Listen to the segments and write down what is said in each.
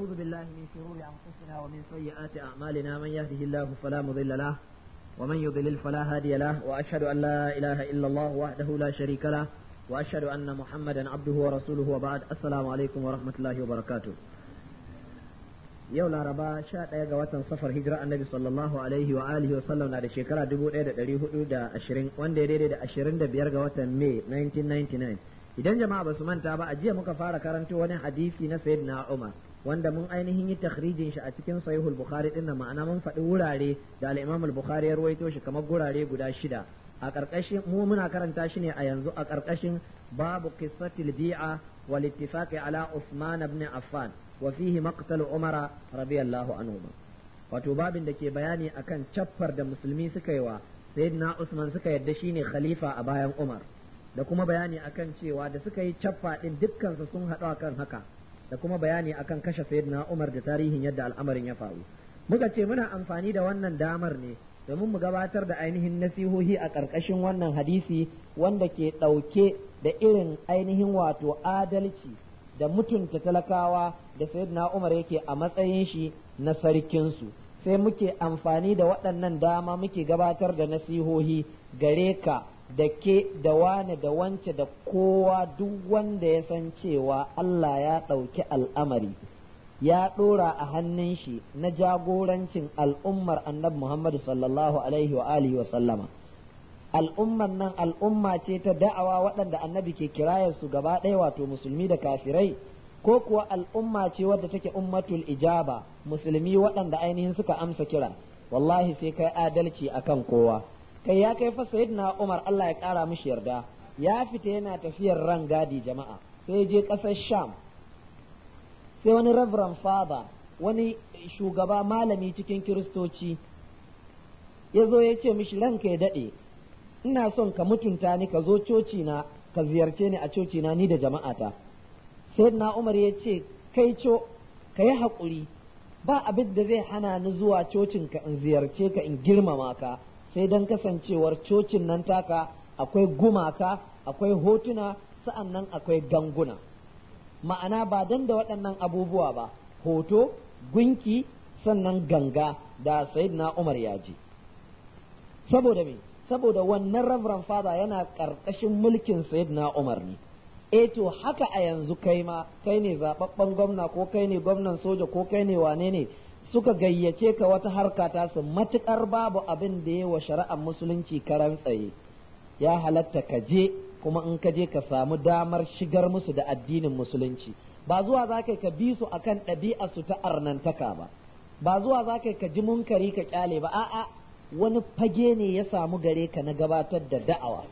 ونعوذ بالله من شرور أنفسنا ومن سيئات أعمالنا من يهده الله فلا مضل له ومن يضلل فلا هادي له وأشهد أن لا الله وحده لا شريك له محمدا عبده ورسوله وبعد السلام عليكم الله وبركاته yau laraba sha ɗaya ga watan safar hijira annabi sallallahu alaihi wa alihi wa sallam na da shekara dubu ɗaya da ɗari hudu da ashirin wanda ya daidai da ashirin da biyar ga watan mai 1999 idan jama'a ba su manta ba a jiya muka fara karanto wani hadisi na sayyidina umar wanda mun ainihin yi takhrijin shi a cikin sahihul bukhari din ma'ana mun faɗi wurare da al-imam al-bukhari ya ruwaito shi kamar gurare guda shida a ƙarƙashin mu muna karanta shi ne a yanzu a ƙarƙashin babu qissatil bi'a wal ittifaqi ala usman ibn affan wa fihi maqtal umar radiyallahu anhu wato babin da ke bayani akan cappar da musulmi suka yi wa sayyidina usman suka yadda shine khalifa a bayan umar da kuma bayani akan cewa da suka yi cappa din dukkan su sun haɗu akan haka da kuma bayani akan kashe sayyidina Umar da tarihin yadda al'amarin ya faru muka ce muna amfani da wannan damar ne domin mu gabatar da ainihin nasihohi a ƙarƙashin wannan hadisi wanda ke ɗauke da irin ainihin wato adalci da mutunta talakawa da sayyidina Umar yake a matsayin shi na sarkinsu sai muke amfani da waɗannan dama muke gabatar da nasihohi gare ka da ke da wane da wance da kowa duk wanda ya san cewa Allah ya ɗauki al'amari ya ɗora a hannun shi na jagorancin al'ummar annabi Muhammadu sallallahu alaihi wa alihi wa sallama al'ummar nan al'umma ce ta da'awa waɗanda annabi ke su gaba ɗaya wato musulmi da kafirai ko kuwa al'umma ce wadda take ummatul ijaba musulmi waɗanda ainihin suka amsa kira wallahi sai kai adalci akan kowa kai ya kai fa sayyidina Umar Allah ya kara mishi yarda ya fita yana tafiyar ran gadi jama'a sai je kasar Sham sai wani Reverend Father wani shugaba malami cikin kiristoci ya zo ya ce mishi ranka ya daɗe ina son ka mutunta ni ka zo coci na ka ziyarce ni a coci na ni da jama'ata sayyidina Umar ya ce kai co ka yi haƙuri ba abin da zai hana ni zuwa cocin ka in ziyarce ka in girmama ka sai don kasancewar cocin nan taka akwai gumaka akwai hotuna sa'an nan akwai ganguna ma'ana ba dan da waɗannan abubuwa ba hoto gunki sannan ganga da sayyidina Umar ya je saboda me saboda wannan reverend father yana ƙarƙashin mulkin said-na Umar ne e to haka a yanzu kai ma kai ne zababben gwamna ko kai ne gwamnan soja ko kai ne wane ne suka gayyace ka wata harka ta su matukar babu abin da wa shari'ar musulunci karan tsaye ya halatta ka je kuma in ka je ka samu damar shigar musu da addinin musulunci ba zuwa za ka bi su akan ɗabi'a su ta arnantaka ba ba zuwa za ka ji munkari ka kyale ba a'a wani fage ne ya samu gare ka na gabatar da da'awa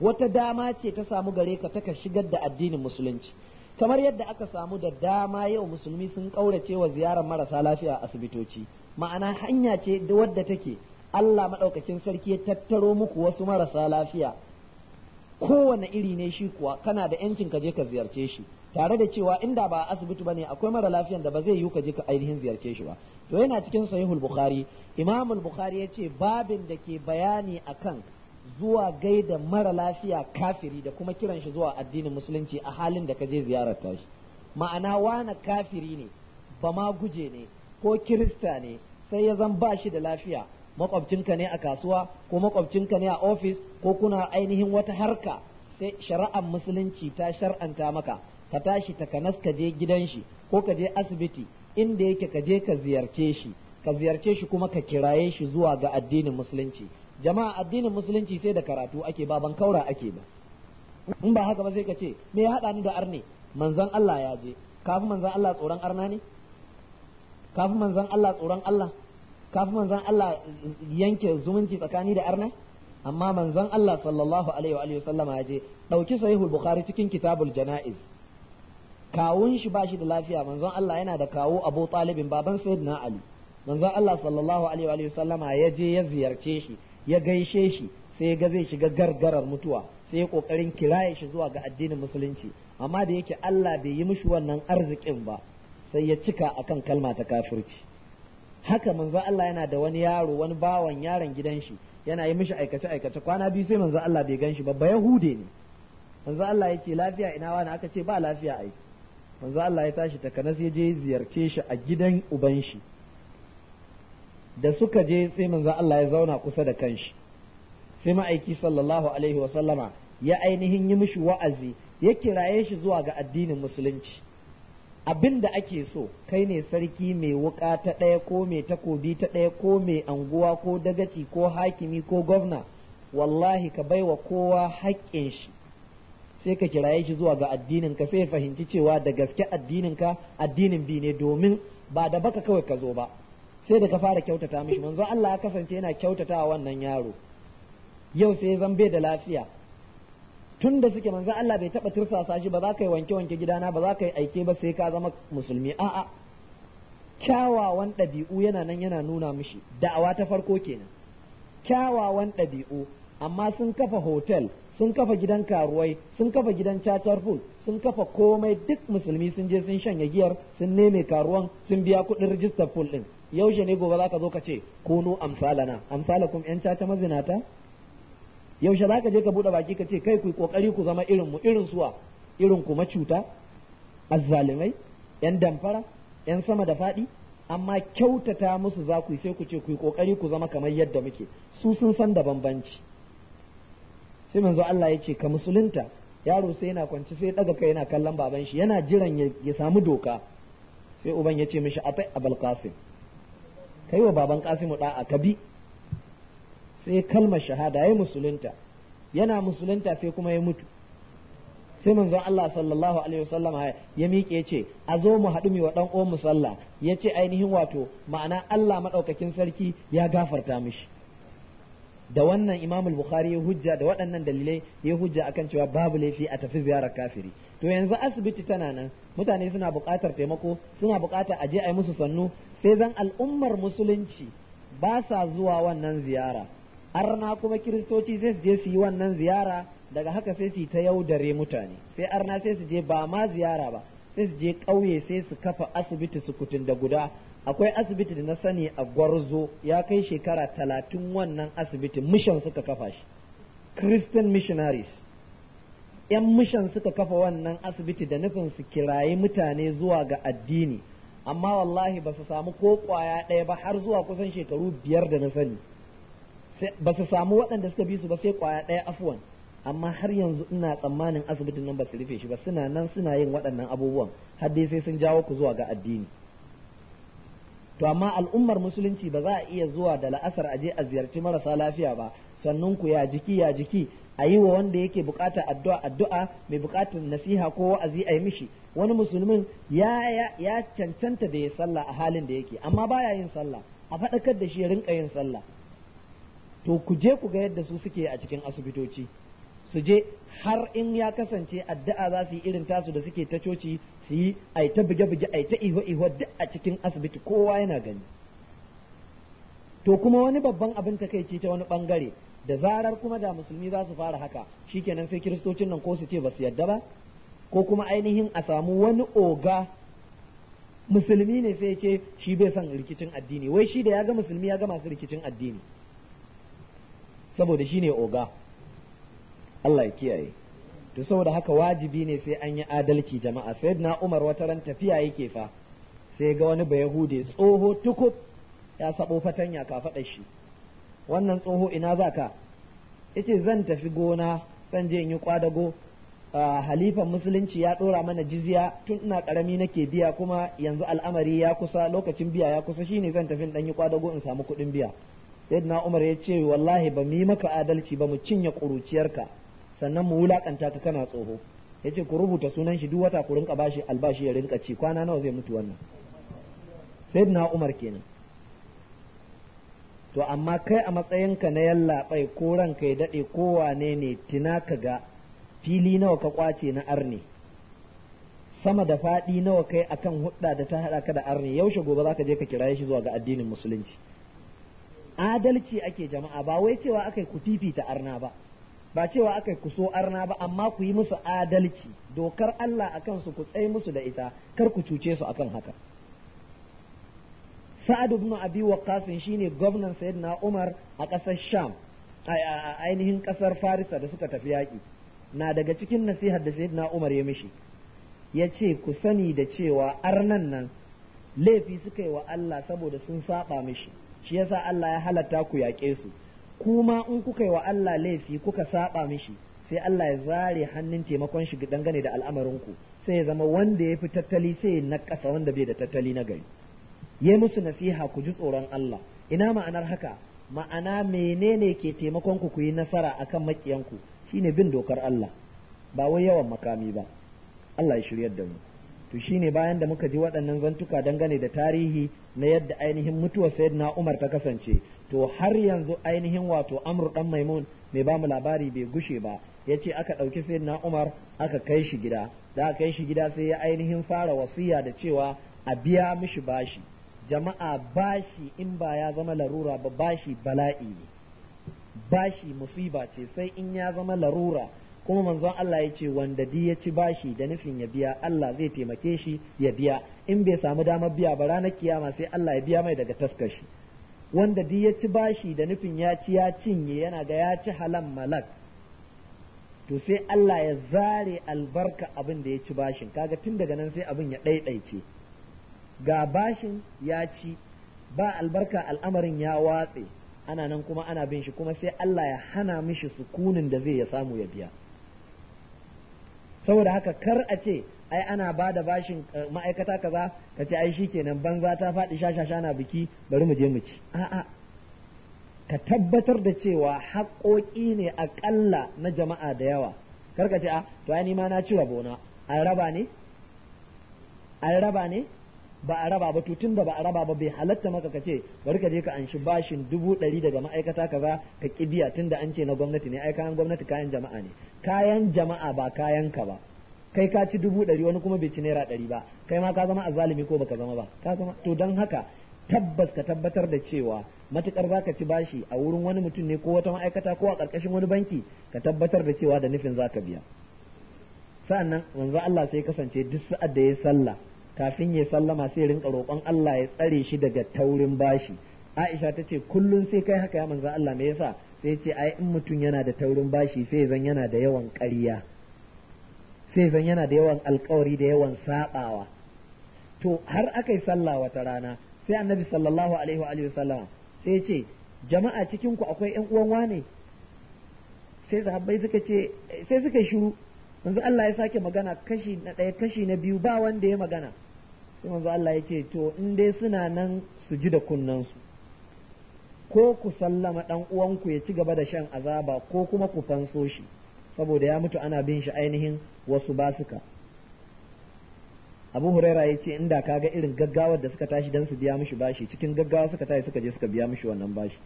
wata dama ce ta samu gare ka ta ka shigar da addinin musulunci kamar yadda aka samu da dama yau musulmi sun kaurace wa ziyarar marasa lafiya a asibitoci ma'ana hanya ce da wadda take Allah maɗaukakin sarki ya tattaro muku wasu marasa lafiya kowane iri ne shi kuwa kana da yancin ka je ka ziyarce shi tare da cewa inda ba asibiti bane akwai mara lafiyan da ba zai yiwu ka je ka ainihin ziyarce shi ba to yana cikin sahihul bukhari imamul bukhari ya ce babin da ke bayani akan zuwa gaida mara lafiya kafiri da kuma kiran shi zuwa addinin musulunci a halin da ka je ziyarar tashi ma'ana wani kafiri ne ba ma guje ne ko kirista ne sai ya zan ba shi da lafiya makwabcinka ne a kasuwa ko makwabcinka ne a ofis ko kuna ainihin wata harka sai shari'ar musulunci ta shar'anta maka ka tashi ta kanas ka je gidan shi ko ka je asibiti inda yake ka je ka ziyarce shi ka ziyarce shi kuma ka kiraye shi zuwa ga addinin musulunci jama'a addinin musulunci sai da karatu ake ba ban kaura ake ba in ba haka ba sai ka ce me ya haɗa ni da arne manzon Allah ya je kafi manzon Allah tsoron arna ne kafi manzon Allah tsoron Allah kafi manzon Allah yanke zumunci tsakani da arna amma manzon Allah sallallahu alaihi wa alihi sallama ya je dauki sahihul bukhari cikin kitabul janaiz kawun shi bashi da lafiya manzon Allah yana da kawo Abu Talibin baban Sayyidina Ali manzon Allah sallallahu alaihi wa alihi sallama ya je ya ziyarce shi ya gaishe shi sai ga zai shiga gargarar mutuwa sai kokarin kiraye shi zuwa ga addinin musulunci amma da yake Allah bai yi mishi wannan arzikin ba sai ya cika akan kalma ta kafirci haka manzo Allah yana da wani yaro wani bawan yaron gidan shi yana yi mishi aikace aikace kwana biyu sai manzo Allah bai gan shi ba ba yahude ne manzo Allah ya lafiya ina wani aka ce ba lafiya ai manzo Allah ya tashi takanas ya je ziyarce shi a gidan uban shi da suka je sai manzon Allah ya zauna kusa da kanshi sai ma'aiki sallallahu alaihi sallama ya ainihin yi mishi wa'azi ya kiraye shi zuwa ga addinin musulunci abin da ake so kai ne sarki mai wuka ta ɗaya ko mai takobi ta ɗaya ko mai anguwa ko dagaci ko hakimi ko gwamna wallahi ka baiwa kowa haƙƙin shi sai ka kiraye shi zuwa ga addinin ka sai fahimci cewa da gaske addinin ka addinin bi ne domin ba da baka kawai ka zo ba sai da ka fara kyautata mishi manzo Allah ya kasance yana kyautata wa wannan yaro yau sai zan bai da lafiya tun da suke manzo Allah bai taba tursasa shi ba za ka yi wanke wanke gidana ba za ka yi aike ba sai ka zama musulmi a'a kyawawan ɗabi'u yana nan yana nuna mishi da'awa ta farko kenan kyawawan ɗabi'u amma sun kafa hotel sun kafa gidan karuwai sun kafa gidan cacar food sun kafa komai duk musulmi sun je sun shanya giyar sun neme karuwan sun biya kuɗin rijistar pool ɗin yaushe ne gobe zaka zo ka ce kunu amsalana amsalakum yan caca mazinata yaushe zaka je ka bude baki ka ce kai ku kokari ku zama irin mu irin suwa irin ku macuta azzalimai yan damfara yan sama da fadi amma kyautata musu za ku sai ku ce ku kokari ku zama kamar yadda muke su sun san da bambanci sai manzo Allah ya ce ka musulunta yaro sai yana kwanci sai daga kai yana kallon baban shi yana jiran ya samu doka sai uban ya ce mishi atai abul qasim kai wa baban Kasimu da'a ka bi sai kalmar shahada ya musulunta yana musulunta sai kuma ya mutu sai manzon Allah sallallahu alaihi wasallam ya miƙe ce a zo mu haɗu mi wa ɗan uwan musalla ya ce ainihin wato ma'ana Allah maɗaukakin sarki ya gafarta mishi da wannan imamul bukhari ya hujja da waɗannan dalilai ya hujja akan cewa babu laifi a tafi ziyarar kafiri to yanzu asibiti tana nan mutane suna buƙatar taimako suna buƙatar a je a yi musu sannu sai zan al'ummar musulunci ba sa zuwa wannan ziyara arna kuma kiristoci sai su je su yi wannan ziyara daga haka sai su yi ta yaudare mutane sai arna sai su je ba ma ziyara ba sai su je ƙauye sai su kafa asibiti su kutun da guda akwai asibiti da na sani a gwarzo ya kai shekara talatin wannan asibiti mission suka kafa shi christian missionaries 'yan mishan suka kafa wannan asibiti da nufin su kirayi mutane zuwa ga addini amma wallahi ba su samu ko kwaya ɗaya ba har zuwa kusan shekaru biyar da na sani ba su samu waɗanda suka bi su ba sai kwaya ɗaya afuwan amma har yanzu ina tsammanin asibitin nan ba su rufe shi ba suna nan suna yin waɗannan abubuwan har dai sai sun jawo ku zuwa ga addini to amma al'ummar musulunci ba za a iya zuwa da la'asar a je a ziyarci marasa lafiya ba sannan ku ya jiki ya jiki a yi wa wanda yake bukatar addu'a addu'a mai bukatar nasiha ko wa'azi a yi mishi wani musulmin ya cancanta da ya sallah a halin da yake amma baya yin sallah a faɗakar da shi ya rinka yin sallah to ku je ku ga yadda su suke a cikin asibitoci su je har in ya kasance addu'a za su yi irin tasu da suke ta coci su yi a ta buge-buge a ta iho-iho duk a cikin asibiti kowa yana gani to kuma wani babban abin takaici ta wani bangare da zarar kuma da musulmi za su fara haka shi kenan sai kiristocin nan ko su ce ba su yadda ba ko kuma ainihin a samu wani oga musulmi ne sai ce shi bai son rikicin addini wai shi da ya ga musulmi ya ga masu rikicin addini saboda shi ne oga Allah ya kiyaye to saboda haka wajibi ne sai an yi adalci jama'a na Umar wata ran tafiya yake fa sai ga wani bayahude tsoho tukub ya sabo fatanya ka faɗa shi wannan tsoho ina za ka yace zan tafi gona zan je in yi kwadago halifan musulunci ya dora mana jizya tun ina karami nake biya kuma yanzu al'amari ya kusa lokacin biya ya kusa shine zan tafi dan yi kwadago in samu kuɗin biya sayyidina umar ya ce wallahi ba mu yi maka adalci ba mu cinye ƙuruciyarka sannan mu wulakanta ka kana tsoho yace ku rubuta sunan shi duk wata ku rinka bashi albashi ya rinka ci kwana nawa zai mutu wannan sayyidina umar kenan to amma kai a matsayinka na yallaɓai ko ran kai daɗe ko wane ne tina ka ga fili nawa ka kwace na arne sama da faɗi nawa kai akan hudda da ta haɗa ka da arne yaushe gobe za ka je ka kiraye shi zuwa ga addinin musulunci adalci ake jama'a ba wai cewa akai ku fifita arna ba ba cewa akai ku so arna ba amma ku yi musu adalci dokar Allah akan su ku tsaye musu da ita kar ku cuce su akan haka sa'ad ibn abi waqqas shine gwamnan sayyidina umar a kasar sham a ainihin ƙasar farisa da suka tafi yaki na daga cikin nasihar da sayyidina umar ya mishi ya ce ku sani da cewa arnan nan laifi suka yi wa Allah saboda sun saba mishi shi yasa Allah ya halatta ku yaƙe su kuma in kuka yi wa Allah laifi kuka saba mishi sai Allah ya zare hannun taimakon shi dangane da al'amarin ku sai ya zama wanda ya fi tattali sai ya nakasa wanda bai da tattali na gari ya musu nasiha ku ji tsoron Allah ina ma'anar haka ma'ana menene ke taimakon ku ku yi nasara akan makiyanku shine bin dokar Allah ba wai yawan makami ba Allah ya shiryar da mu to shine bayan da muka ji waɗannan zantuka dangane da tarihi na yadda ainihin mutuwar sayyidina Umar ta kasance to har yanzu ainihin wato Amr dan Maimun mai ba mu labari bai gushe ba yace aka ɗauki sayyidina Umar aka kai shi gida da aka kai shi gida sai ya ainihin fara wasiya da cewa a biya mishi bashi jama'a bashi in ba ya zama larura ba bashi bala'i ne bashi musiba ce sai in ya zama larura kuma manzon Allah ya ce wanda di ya ci bashi da nufin ya biya Allah zai taimake shi ya biya in bai samu damar biya ba ranar kiyama sai Allah ya biya mai daga taskar shi wanda di ya ci bashi da nufin ya ci ya cinye yana ga ya ci halan malak to sai Allah ya zare albarka abin da ya ci bashin kaga tun daga nan sai abin ya ɗaiɗaice ga bashin ya ci ba albarka al'amarin ya watse ana nan kuma ana bin shi kuma sai Allah ya hana mishi sukunin da zai ya samu ya biya saboda haka kar a ce ai ana ba da bashin eh, ma'aikata kaza ka ce ai shikenan banza ta faɗi shashasha na biki bari mu je mu ci a'a ka tabbatar da cewa haƙoƙi ne aƙalla na jama'a da yawa kar ka ce a ah, to ai ni ma na ci rabona an raba ne an raba ne ba a raba ba tutun da ba a raba ba bai halatta maka ka ce bari ka je ka anshi bashin dubu ɗari daga ma'aikata ka za ka kibiya tun da an ce na gwamnati ne ai kayan gwamnati kayan jama'a ne kayan jama'a ba kayan ka ba kai ka ci dubu ɗari wani kuma bai ci naira ɗari ba kai ma ka zama azalimi ko baka zama ba ka zama to don haka tabbas ka tabbatar da cewa matukar za ka ci bashi a wurin wani mutum ne ko wata ma'aikata ko a ƙarƙashin wani banki ka tabbatar da cewa da nufin za ka biya sa'annan manzo Allah sai kasance duk sa'ad da ya sallah kafin ya sallama sai rinka roƙon Allah ya tsare shi daga taurin bashi Aisha ta ce kullum sai kai haka ya manzo Allah me yasa sai ce ai in mutum yana da taurin bashi sai zan yana da yawan ƙarya sai zan yana da yawan alƙawari da yawan sabawa to har akai sallah wata rana sai annabi sallallahu alaihi wa sallama sai ce jama'a cikin ku akwai ƴan uwan wane sai sahabbai suka ce sai suka shiru yanzu Allah ya sake magana kashi na ɗaya kashi na biyu ba wanda ya magana sai manzo Allah ya ce to in dai suna nan su ji da kunnansu ko ku sallama dan uwanku ya ci gaba da shan azaba ko kuma ku fanso shi saboda ya mutu ana bin shi ainihin wasu basuka abu huraira ya ce inda kaga irin gaggawar da suka tashi don su biya mishi bashi cikin gaggawa suka tashi suka je suka biya mishi wannan bashi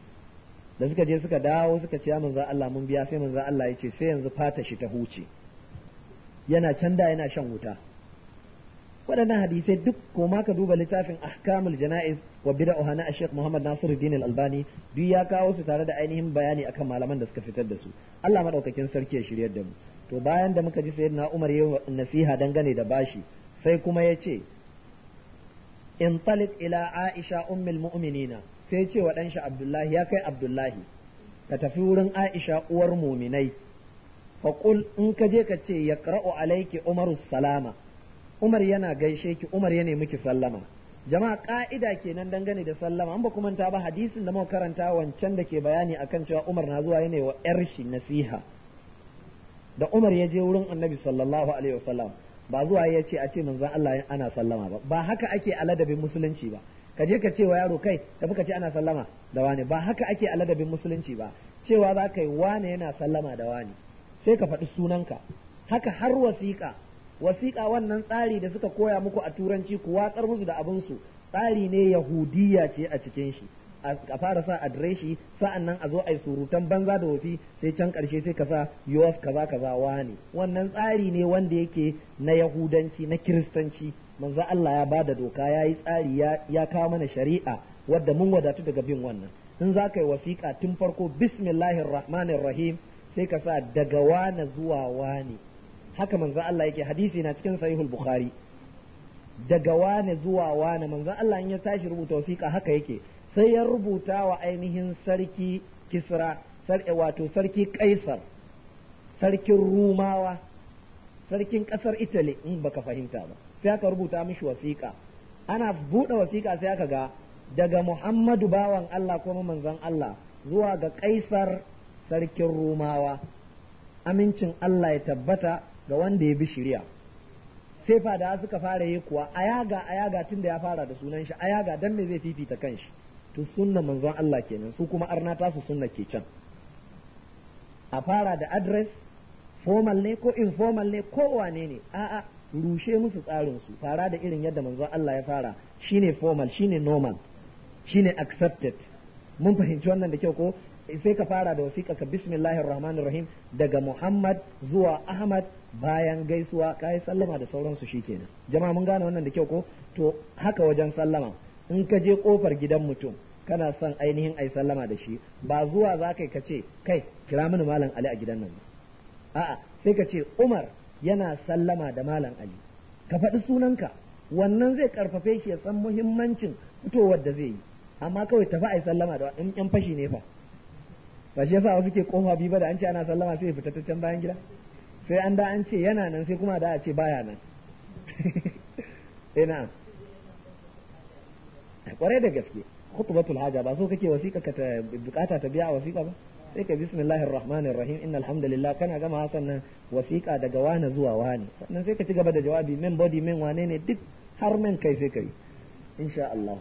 da suka je suka dawo suka ce manzo Allah mun biya sai manzo Allah ya ce sai yanzu fata shi ta huce yana canda yana shan wuta waɗannan hadisai duk kuma ka duba littafin ahkamul jana'iz wa bid'ah na Sheikh Muhammad Nasiruddin Al-Albani duk ya kawo su tare da ainihin bayani akan malaman da suka fitar da su Allah madaukakin sarki ya shiryar da mu to bayan da muka ji sayyidina Umar ya nasiha dangane da bashi sai kuma ya ce in talib ila Aisha ummul mu'minina sai ya ce wa Abdullahi ya kai Abdullahi ka tafi wurin Aisha uwar muminai Faƙul in ka je ka ce yaqra'u alayki Umaru salama Umar yana gaishe ki Umar ya nemi ki sallama jama'a ka'ida kenan dangane da sallama an ba kuma ta ba hadisin da muka karanta wancan da ke bayani akan cewa Umar na zuwa yana wa yar shi nasiha da Umar ya je wurin Annabi sallallahu alaihi wasallam ba zuwa ya ce a ce manzon Allah ana sallama ba ba haka ake aladabin musulunci ba ka je ka ce wa yaro kai tafi ka ce ana sallama da wani ba haka ake aladabin musulunci ba cewa za ka yi wane yana sallama da wani sai ka faɗi sunanka haka har wasiƙa wasiƙa wannan tsari da suka koya muku a turanci ku watsar musu da su tsari ne yahudiya ce a cikin shi a fara sa adireshi sa'an nan a zo a yi surutan banza da wafi sai can karshe sai ka sa yowas kaza kaza wani wannan tsari ne wanda yake na yahudanci na kiristanci manzo Allah ya bada doka ya yi tsari ya kawo mana shari'a wadda mun wadatu daga bin wannan in za ka yi wasiƙa tun farko bismillahir rahmanir rahim sai ka sa daga wane zuwa wane haka manzon Allah yake hadisi na cikin sahihul bukhari daga wane zuwa wane manzon Allah in ya tashi rubuta wasiƙa haka yake sai ya rubuta wa ainihin sarki kisra eh, wato sarki kaisar sarkin rumawa sarkin kasar italy in baka fahimta ba sai aka rubuta mishi wasiƙa ana buɗe wasiƙa sai aka ga daga muhammadu bawan Allah kuma manzon Allah zuwa ga kaisar sarkin rumawa amincin Allah ya tabbata ga wanda ya bi shirya sai fada suka fara yi kuwa ayaga ayaga tun da ya fara da sunan shi ayaga dan me zai fifita kanshi to sunna manzon Allah kenan su kuma arna tasu sunna ke can a fara da address formal ne ko informal ne ko wane ne a'a rushe musu tsarin su fara da irin yadda manzon Allah ya fara shine formal shine normal shine accepted mun fahimci wannan da kyau ko sai ka fara da wasiƙa ka bismillahir rahim daga Muhammad zuwa Ahmad bayan gaisuwa kai sallama da sauransu shikenan jama'a mun gane wannan da kyau ko to haka wajen sallama in ka je kofar gidan mutum kana son ainihin ai sallama da shi ba zuwa za kai ka ce kai kira mini malam ali a gidan nan a'a sai ka ce umar yana sallama da malam ali ka faɗi ka wannan zai karfafe shi ya san muhimmancin fitowar da zai yi amma kawai tafi ai sallama da in yan fashi ne fa ba shi yasa wasu ke kofa biyu ba da an ce ana sallama sai ya fita ta can bayan gida sai an da an ce yana nan sai kuma da a ce baya nan ina eh, kwarai da gaske khutbatul haja ba so kake wasiƙa ka ta bukata ta biya wasiƙa ba sai ka bismillahir rahmanir rahim innal hamdalillah kana gama hasan nan wasiƙa daga wani zuwa wani sannan sai ka ci gaba da jawabi men body men wane ne duk har men kai sai kai insha Allah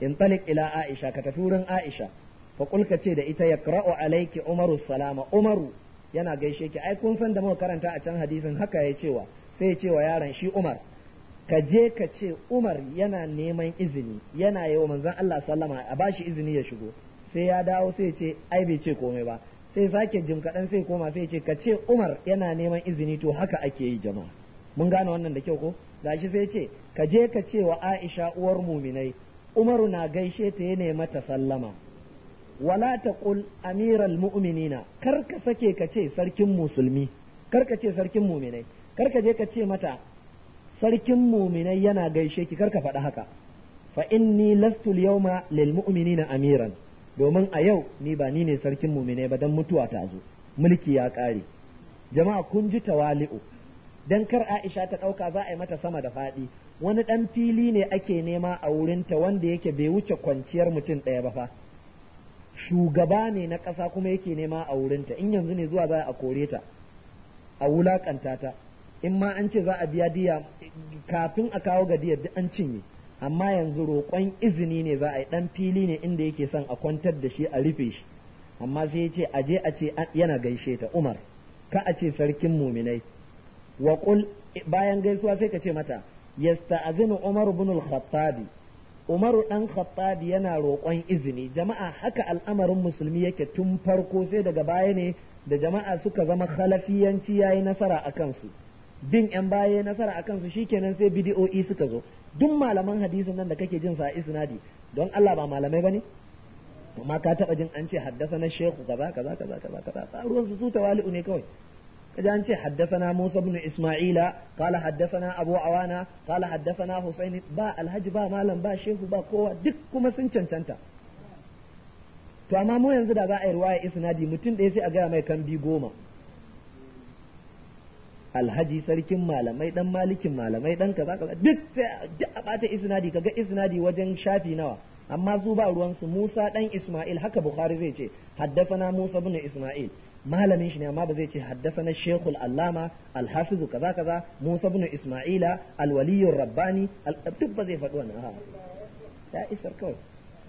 in talik ila aisha ka tafi wurin aisha fa kulka ce da ita yaqra'u alayki umaru salama umaru yana gaishe ki ai kun san da muka karanta a can hadisin haka ya cewa sai ya cewa yaron shi Umar ka je ka ce Umar yana neman izini yana yi wa manzon Allah sallama a bashi izini ya shigo sai ya dawo sai ya ce ai bai ce komai ba sai sake jim kaɗan sai koma sai ya ce ka ce Umar yana neman izini to haka ake yi jama'a mun gane wannan da kyau ko gashi sai ya ce ka je ka ce wa Aisha uwar muminai Umaru na gaishe ta ya mata sallama wala taqul amiral mu'minina kar ka sake ka ce sarkin musulmi kar ka ce sarkin mu'minai kar ka je ka ce mata sarkin mu'minai yana gaishe ki kar ka faɗi haka fa inni lastu al-yawma lil mu'minina amiran domin a yau ni ba ni ne sarkin mu'minai ba dan mutuwa ta zo mulki ya ƙare jama'a kun ji tawali'u dan kar Aisha ta ɗauka za a yi mata sama da faɗi wani ɗan fili ne ake nema a wurinta wanda yake bai wuce kwanciyar mutum ɗaya ba fa shugaba ne na ƙasa kuma yake nema a wurinta in yanzu ne zuwa za a kore ta a wulaƙanta ta in ma an ce za a biya diya kafin a kawo ga diyar an cinye amma yanzu roƙon izini ne za a yi ɗan fili ne inda yake son a kwantar da shi a rufe shi amma sai ya ce aje a ce yana gaishe ta umar ka a ce sarkin muminai wa bayan gaisuwa sai ka ce mata yasta azinu umar bin al-khattabi umaru ɗan khattabi yana roƙon izini jama'a haka al'amarin musulmi yake tun farko sai daga baya ne da jama'a suka zama khalafiyanci yayi nasara a kansu bin yan baya nasara a kansu shikenan sai bidi'o'i suka zo duk malaman hadisin nan da kake jin sa isnadi don Allah ba malamai bane amma ka taba jin an ce haddasa na shehu kaza kaza kaza kaza kaza ruwan su su tawali'u ne kawai kajan ce haddathana Musa ibn Isma'ila qala haddathana Abu Awana qala haddathana Husayn ba alhaji ba malam ba shehu ba kowa duk kuma sun cancanta to amma mu yanzu da za a yi ruwaya isnadi mutum ɗaya sai a gaya mai kan bi goma alhaji sarkin malamai dan malikin malamai dan kaza kaza duk sai a bata isnadi kaga isnadi wajen shafi nawa amma su ba ruwansu Musa dan Isma'il haka Bukhari zai ce haddafana Musa bin Isma'il malamin shi ne amma ba zai ce na shekul allama alhafizu kaza kaza musa bin isma'ila alwaliyur rabbani duk ba zai faɗi wannan ya isar kawai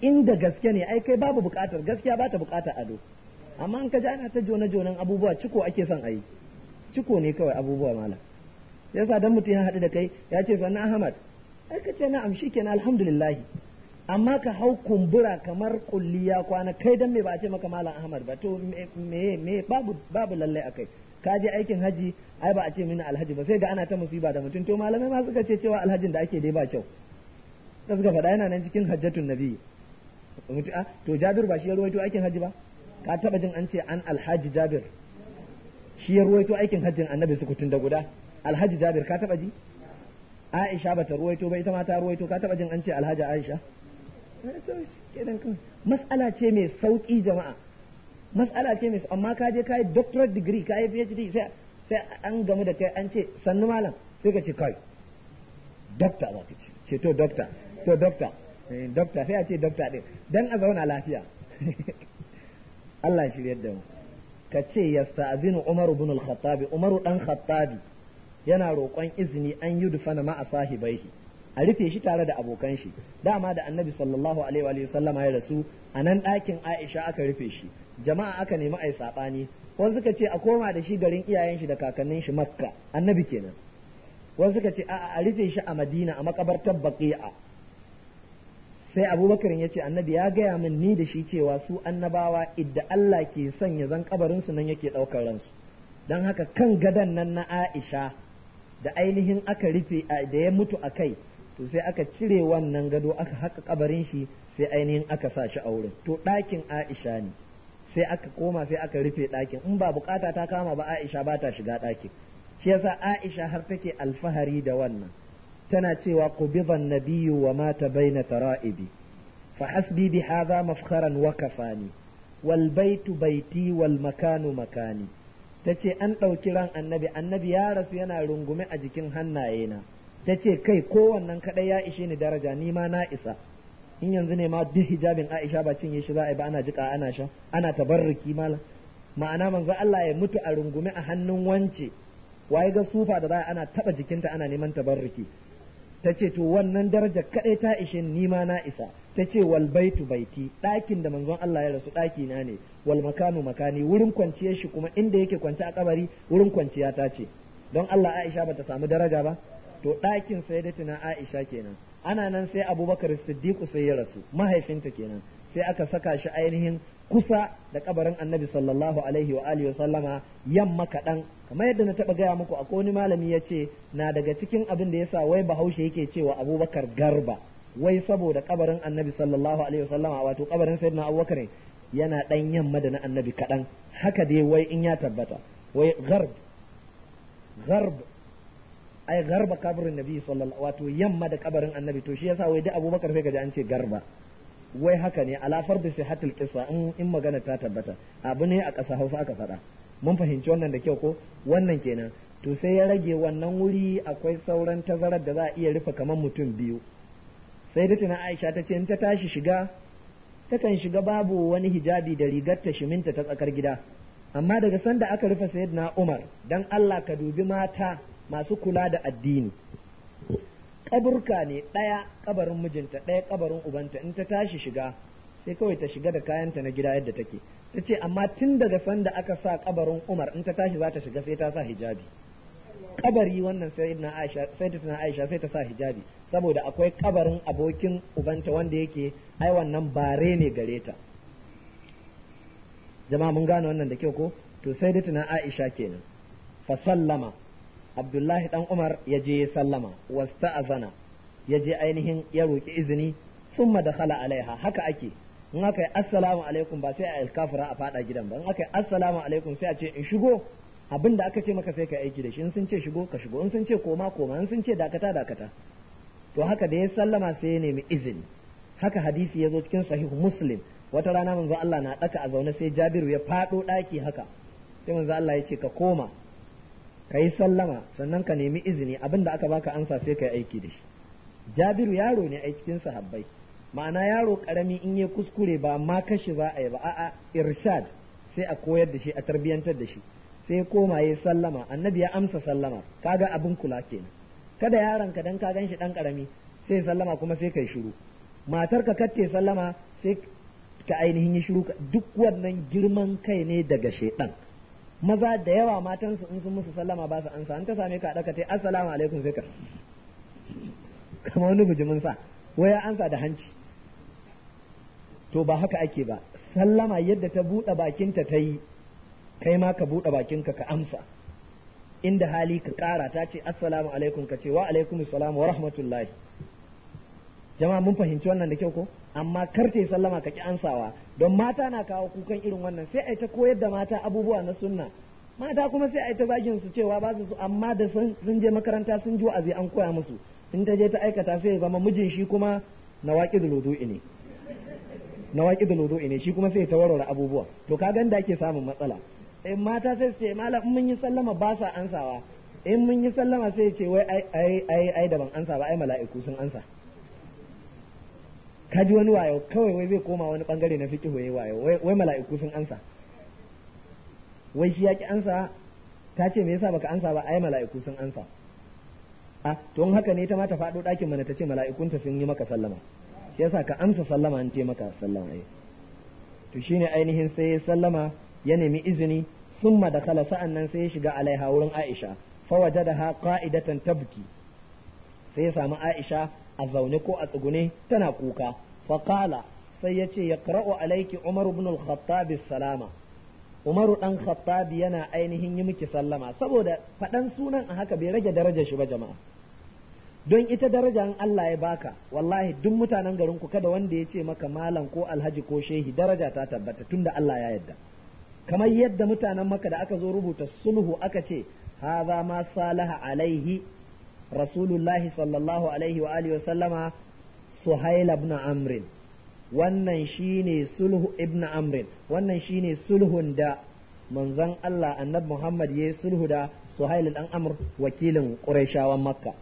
inda gaske ne ai kai babu bukatar gaskiya ba ta bukatar ado amma an ka ji ana ta jona jonan abubuwa ciko ake son a yi ciko ne kawai abubuwa malam yasa dan mutum ya haɗu da kai ya ce sannan ahmad ai ka ce na'am shikenan alhamdulillah amma ka hau kumbura kamar kulliya kwana kai dan me ba a ce maka malam ahmad ba to me me babu babu lalle akai ka je aikin haji ai ba a ce mini alhaji ba sai ga ana ta musiba da mutum to malamai ma suka ce cewa alhajin da ake dai ba kyau da suka faɗa yana nan cikin hajjatun nabi ah, to jabir ba shi ya ruwaito aikin haji ba ka taba jin an ce an alhaji jabir shi ya ruwaito aikin hajjin annabi kutun da guda alhaji jabir ka taba ji aisha bata ruwaito ba ita ma ta ruwaito ka taba jin an ce alhaji aisha mas'ala ce mai sauki jama'a mas'ala ce mai amma ka je ka yi doctorate degree ka yi PhD sai sai an gamu da kai an ce sannu malam sai ka ce kai doctor za ka ce ce to doctor to doctor eh, doctor sai a ce doctor din dan a zauna lafiya Allah shirye da mu ka ce yasta'zinu Umar ibn al-Khattab Umar dan Khattabi yana roƙon izini an yudfana ma a sahibaihi a rufe shi tare da abokan shi dama da annabi sallallahu alaihi wa sallama ya rasu a nan ɗakin aisha aka rufe shi jama'a aka nemi ai saɓani wasu suka ce a koma da shi garin iyayen shi da kakannin shi makka annabi kenan wasu suka ce a a rufe shi a madina a makabartar baqi'a sai abubakar ya ce annabi ya gaya min ni da shi cewa su annabawa idda allah ke sanya zan kabarin su nan yake ɗaukar ransu don haka kan gadan nan na aisha da ainihin aka rufe da ya mutu a kai to sai aka cire wannan gado aka haka kabarin shi sai ainihin aka sa shi a wurin to ɗakin Aisha ne sai aka koma sai aka rufe ɗakin in ba bukata ta kama ba Aisha ba ta shiga ɗakin shi yasa Aisha har take alfahari da wannan tana cewa qubidan nabiyyu wa mata baina tara'ibi fa hasbi bi hadha mafkharan wa kafani wal baitu baiti wal makanu makani tace an ɗauki ran annabi annabi ya rasu yana rungume a jikin hannayena ta ce kai kowannan kaɗai ya ishe ni daraja ni ma na isa in yanzu ne ma duk hijabin Aisha ba cinye shi za a yi ba ana jika ana sha ana tabarruki mala ma'ana manzo Allah ya mutu a rungume a hannun wance waye ga sufa da za ana taba jikinta ana neman tabarruki ta ce to wannan daraja kaɗai ta ishe ni ma na isa ta ce wal baitu baiti ɗakin da manzon Allah ya rasu ɗaki na ne wal makanu makani wurin kwanciyar shi kuma inda yake kwanci a kabari wurin kwanciya ta ce don Allah Aisha bata samu daraja ba to ɗakin sai da tunan Aisha kenan ana nan sai Abubakar Siddiq sai ya rasu mahaifinta kenan sai aka saka shi ainihin kusa da kabarin Annabi sallallahu alaihi wa alihi sallama yamma kaɗan kamar yadda na taɓa gaya muku akwai wani malami ya ce na daga cikin abin da yasa wai Bahaushe yake cewa Abubakar Garba wai saboda kabarin Annabi sallallahu alaihi wa sallama wato kabarin Sayyidina Abubakar yana ɗan yamma da na Annabi kaɗan haka dai wai in ya tabbata wai garb garb ai garba kabarin nabi sallallahu wato yamma da kabarin annabi to shi yasa wai da abubakar sai kaji an ce garba wai haka ne alafar da sihatul qissa in in magana ta tabbata abu ne a ƙasa Hausa aka faɗa mun fahimci wannan da kyau ko wannan kenan to sai ya rage wannan wuri akwai sauran tazarar da za a iya rufe kamar mutum biyu sai da tuna Aisha ta ce in ta tashi shiga takan shiga babu wani hijabi da rigar ta shiminta ta tsakar gida amma daga sanda aka rufe sayyidina Umar dan Allah ka dubi mata masu kula da addini kaburka ne ɗaya kabarin mijinta ɗaya kabarin ubanta in ta tashi shiga sai kawai ta shiga da kayanta na gida yadda take ta ce amma tun daga sanda aka sa kabarin umar in ta tashi za ta shiga sai ta sa hijabi kabari wannan sai aisha aisha sai ta sa hijabi saboda akwai kabarin abokin ubanta wanda yake ai wannan bare ne gare ta jama'a mun gane wannan da kyau ko to sai aisha kenan fa sallama abdullahi dan umar ya je ya sallama azana, ya je ainihin ya roki izini da hala alaiha haka ake in aka yi assalamu alaikum ba sai a alkafira a fada gidan ba in aka yi assalamu alaikum sai a ce in shigo abin aka ce maka sai ka aiki da shi in sun ce shigo ka shigo in sun ce koma koma in sun ce dakata dakata to haka da ya sallama sai ya nemi izini haka hadisi ya zo cikin sahihu muslim wata rana manzo Allah na daka a zaune sai Jabiru ya faɗo ɗaki haka sai manzo Allah ya ce ka koma ka yi sallama sannan ka nemi izini abin da aka baka ansa sai ka yi aiki da shi jabiru yaro ne a cikin sahabbai ma'ana yaro karami in ya kuskure ba ma kashi za a yi ba a'a irshad sai a koyar da shi a tarbiyyantar da shi sai koma ya sallama annabi ya amsa sallama kaga abin kula kenan kada yaron ka dan ka gan shi dan karami sai sallama kuma sai ka yi shiru matar ka katte sallama sai ka ainihin yi shiru duk wannan girman kai ne daga shaidan maza da yawa matansu in sun musu sallama ba su ansa an ta same ka daka assalamu alaikum sai ka kamar wani bijimin sa waya ansa da hanci to ba haka ake ba sallama yadda ta buɗe bakinta ta yi kai ma ka buɗe bakinka ka amsa inda hali ka ƙara ta ce assalamu alaikum ka ce wa alaikum salam wa rahmatullahi jama'a mun fahimci wannan da kyau ko amma kar ta yi sallama ka ki ansawa don mata na kawo kukan irin wannan sai a yi ta koyar da mata abubuwa na sunna mata kuma sai a yi ta zagin su cewa ba su amma da sun je makaranta sun ji wa'azi an koya musu in ta je ta aikata sai ya zama mijin shi kuma da wudu'i ne da wudu'i ne shi kuma sai ta warware abubuwa to ka ganda ke samun matsala in eh, mata sai su ce malam in mun yi sallama ba sa ansawa in mun yi sallama sai ce wai ai ai ai ai da ban ansa ba ai mala'iku sun ansa ka ji wani wayo kawai wai zai koma wani bangare na fiqh yayi wayo wai mala'iku sun ansa wai shi ya ki ansa ta ce me yasa baka ansa ba ai mala'iku sun ansa a to in haka ne ta ma ta faɗo ɗakin mana ta ce mala'ikunta sun yi maka sallama shi yasa ka amsa sallama an ce maka sallama ai eh. to shine ainihin sai ya sallama ya nemi izini summa da kala sa'annan sai ya shiga alaiha wurin Aisha fa wajadaha qa'idatan tabki sai ya samu Aisha a zaune ko a tsugune tana kuka Faƙala sai yace yaqra'u alayki umar ibn al-khattab salama umaru dan khattab yana ainihin yi miki sallama saboda faɗan sunan a haka bai rage darajar shi ba jama'a don ita daraja in Allah ya baka wallahi duk mutanen garin ku kada wanda ya ce maka malam ko alhaji ko shehi daraja ta tabbata tunda Allah ya yadda kamar yadda mutanen maka da aka zo rubuta sulhu aka ce hadha ma salaha alaihi rasulullahi sallallahu alaihi wa alihi sallama suhail ibn amr wannan shine sulhu ibn amr wannan shine sulhun da manzon Allah annabi Muhammad yayi sulhu da suhail dan amr wakilin quraishawan makka